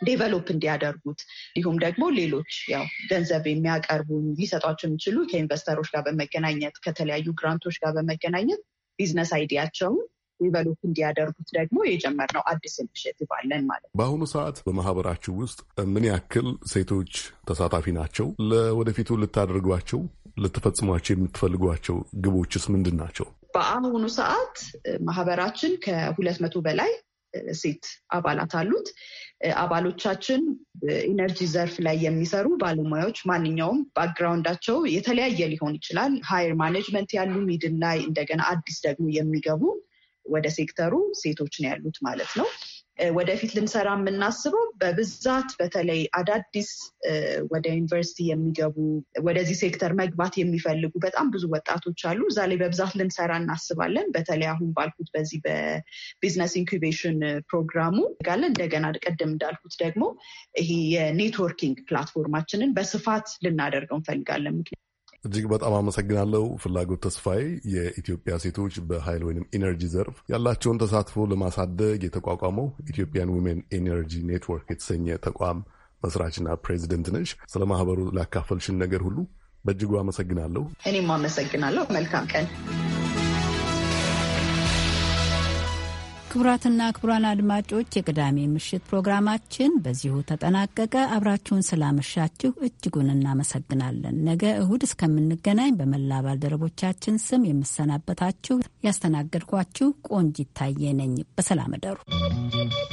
ዴቨሎፕ እንዲያደርጉት እንዲሁም ደግሞ ሌሎች ያው ገንዘብ የሚያቀርቡ ሊሰጧቸው የሚችሉ ከኢንቨስተሮች ጋር በመገናኘት ከተለያዩ ግራንቶች ጋር በመገናኘት ቢዝነስ አይዲያቸውን ዲቨሎፕ እንዲያደርጉት ደግሞ የጀመርነው አዲስ ኢኒሽቲቭ አለን ማለት ነው። በአሁኑ ሰዓት በማህበራችሁ ውስጥ ምን ያክል ሴቶች ተሳታፊ ናቸው? ለወደፊቱ ልታደርጓቸው ልትፈጽሟቸው የምትፈልጓቸው ግቦችስ ምንድን ናቸው? በአሁኑ ሰዓት ማህበራችን ከሁለት መቶ በላይ ሴት አባላት አሉት። አባሎቻችን ኢነርጂ ዘርፍ ላይ የሚሰሩ ባለሙያዎች ማንኛውም ባክግራውንዳቸው የተለያየ ሊሆን ይችላል። ሃይር ማኔጅመንት ያሉ ሚድን ላይ እንደገና አዲስ ደግሞ የሚገቡ ወደ ሴክተሩ ሴቶች ነው ያሉት ማለት ነው። ወደፊት ልንሰራ የምናስበው በብዛት በተለይ አዳዲስ ወደ ዩኒቨርሲቲ የሚገቡ ወደዚህ ሴክተር መግባት የሚፈልጉ በጣም ብዙ ወጣቶች አሉ። እዛ ላይ በብዛት ልንሰራ እናስባለን። በተለይ አሁን ባልኩት በዚህ በቢዝነስ ኢንኩቤሽን ፕሮግራሙ ጋለን እንደገና ቀደም እንዳልኩት ደግሞ ይሄ የኔትወርኪንግ ፕላትፎርማችንን በስፋት ልናደርገው እንፈልጋለን። እጅግ በጣም አመሰግናለሁ። ፍላጎት ተስፋዬ የኢትዮጵያ ሴቶች በኃይል ወይም ኢነርጂ ዘርፍ ያላቸውን ተሳትፎ ለማሳደግ የተቋቋመው ኢትዮጵያን ዊሜን ኢነርጂ ኔትወርክ የተሰኘ ተቋም መስራችና ፕሬዚደንት ነሽ። ስለ ማህበሩ ላካፈልሽን ነገር ሁሉ በእጅጉ አመሰግናለሁ። እኔም አመሰግናለሁ። መልካም ቀን ክቡራትና ክቡራን አድማጮች የቅዳሜ ምሽት ፕሮግራማችን በዚሁ ተጠናቀቀ። አብራችሁን ስላመሻችሁ እጅጉን እናመሰግናለን። ነገ እሁድ እስከምንገናኝ በመላ ባልደረቦቻችን ስም የምሰናበታችሁ ያስተናገድኳችሁ ቆንጅ ታየ ነኝ። በሰላም እደሩ።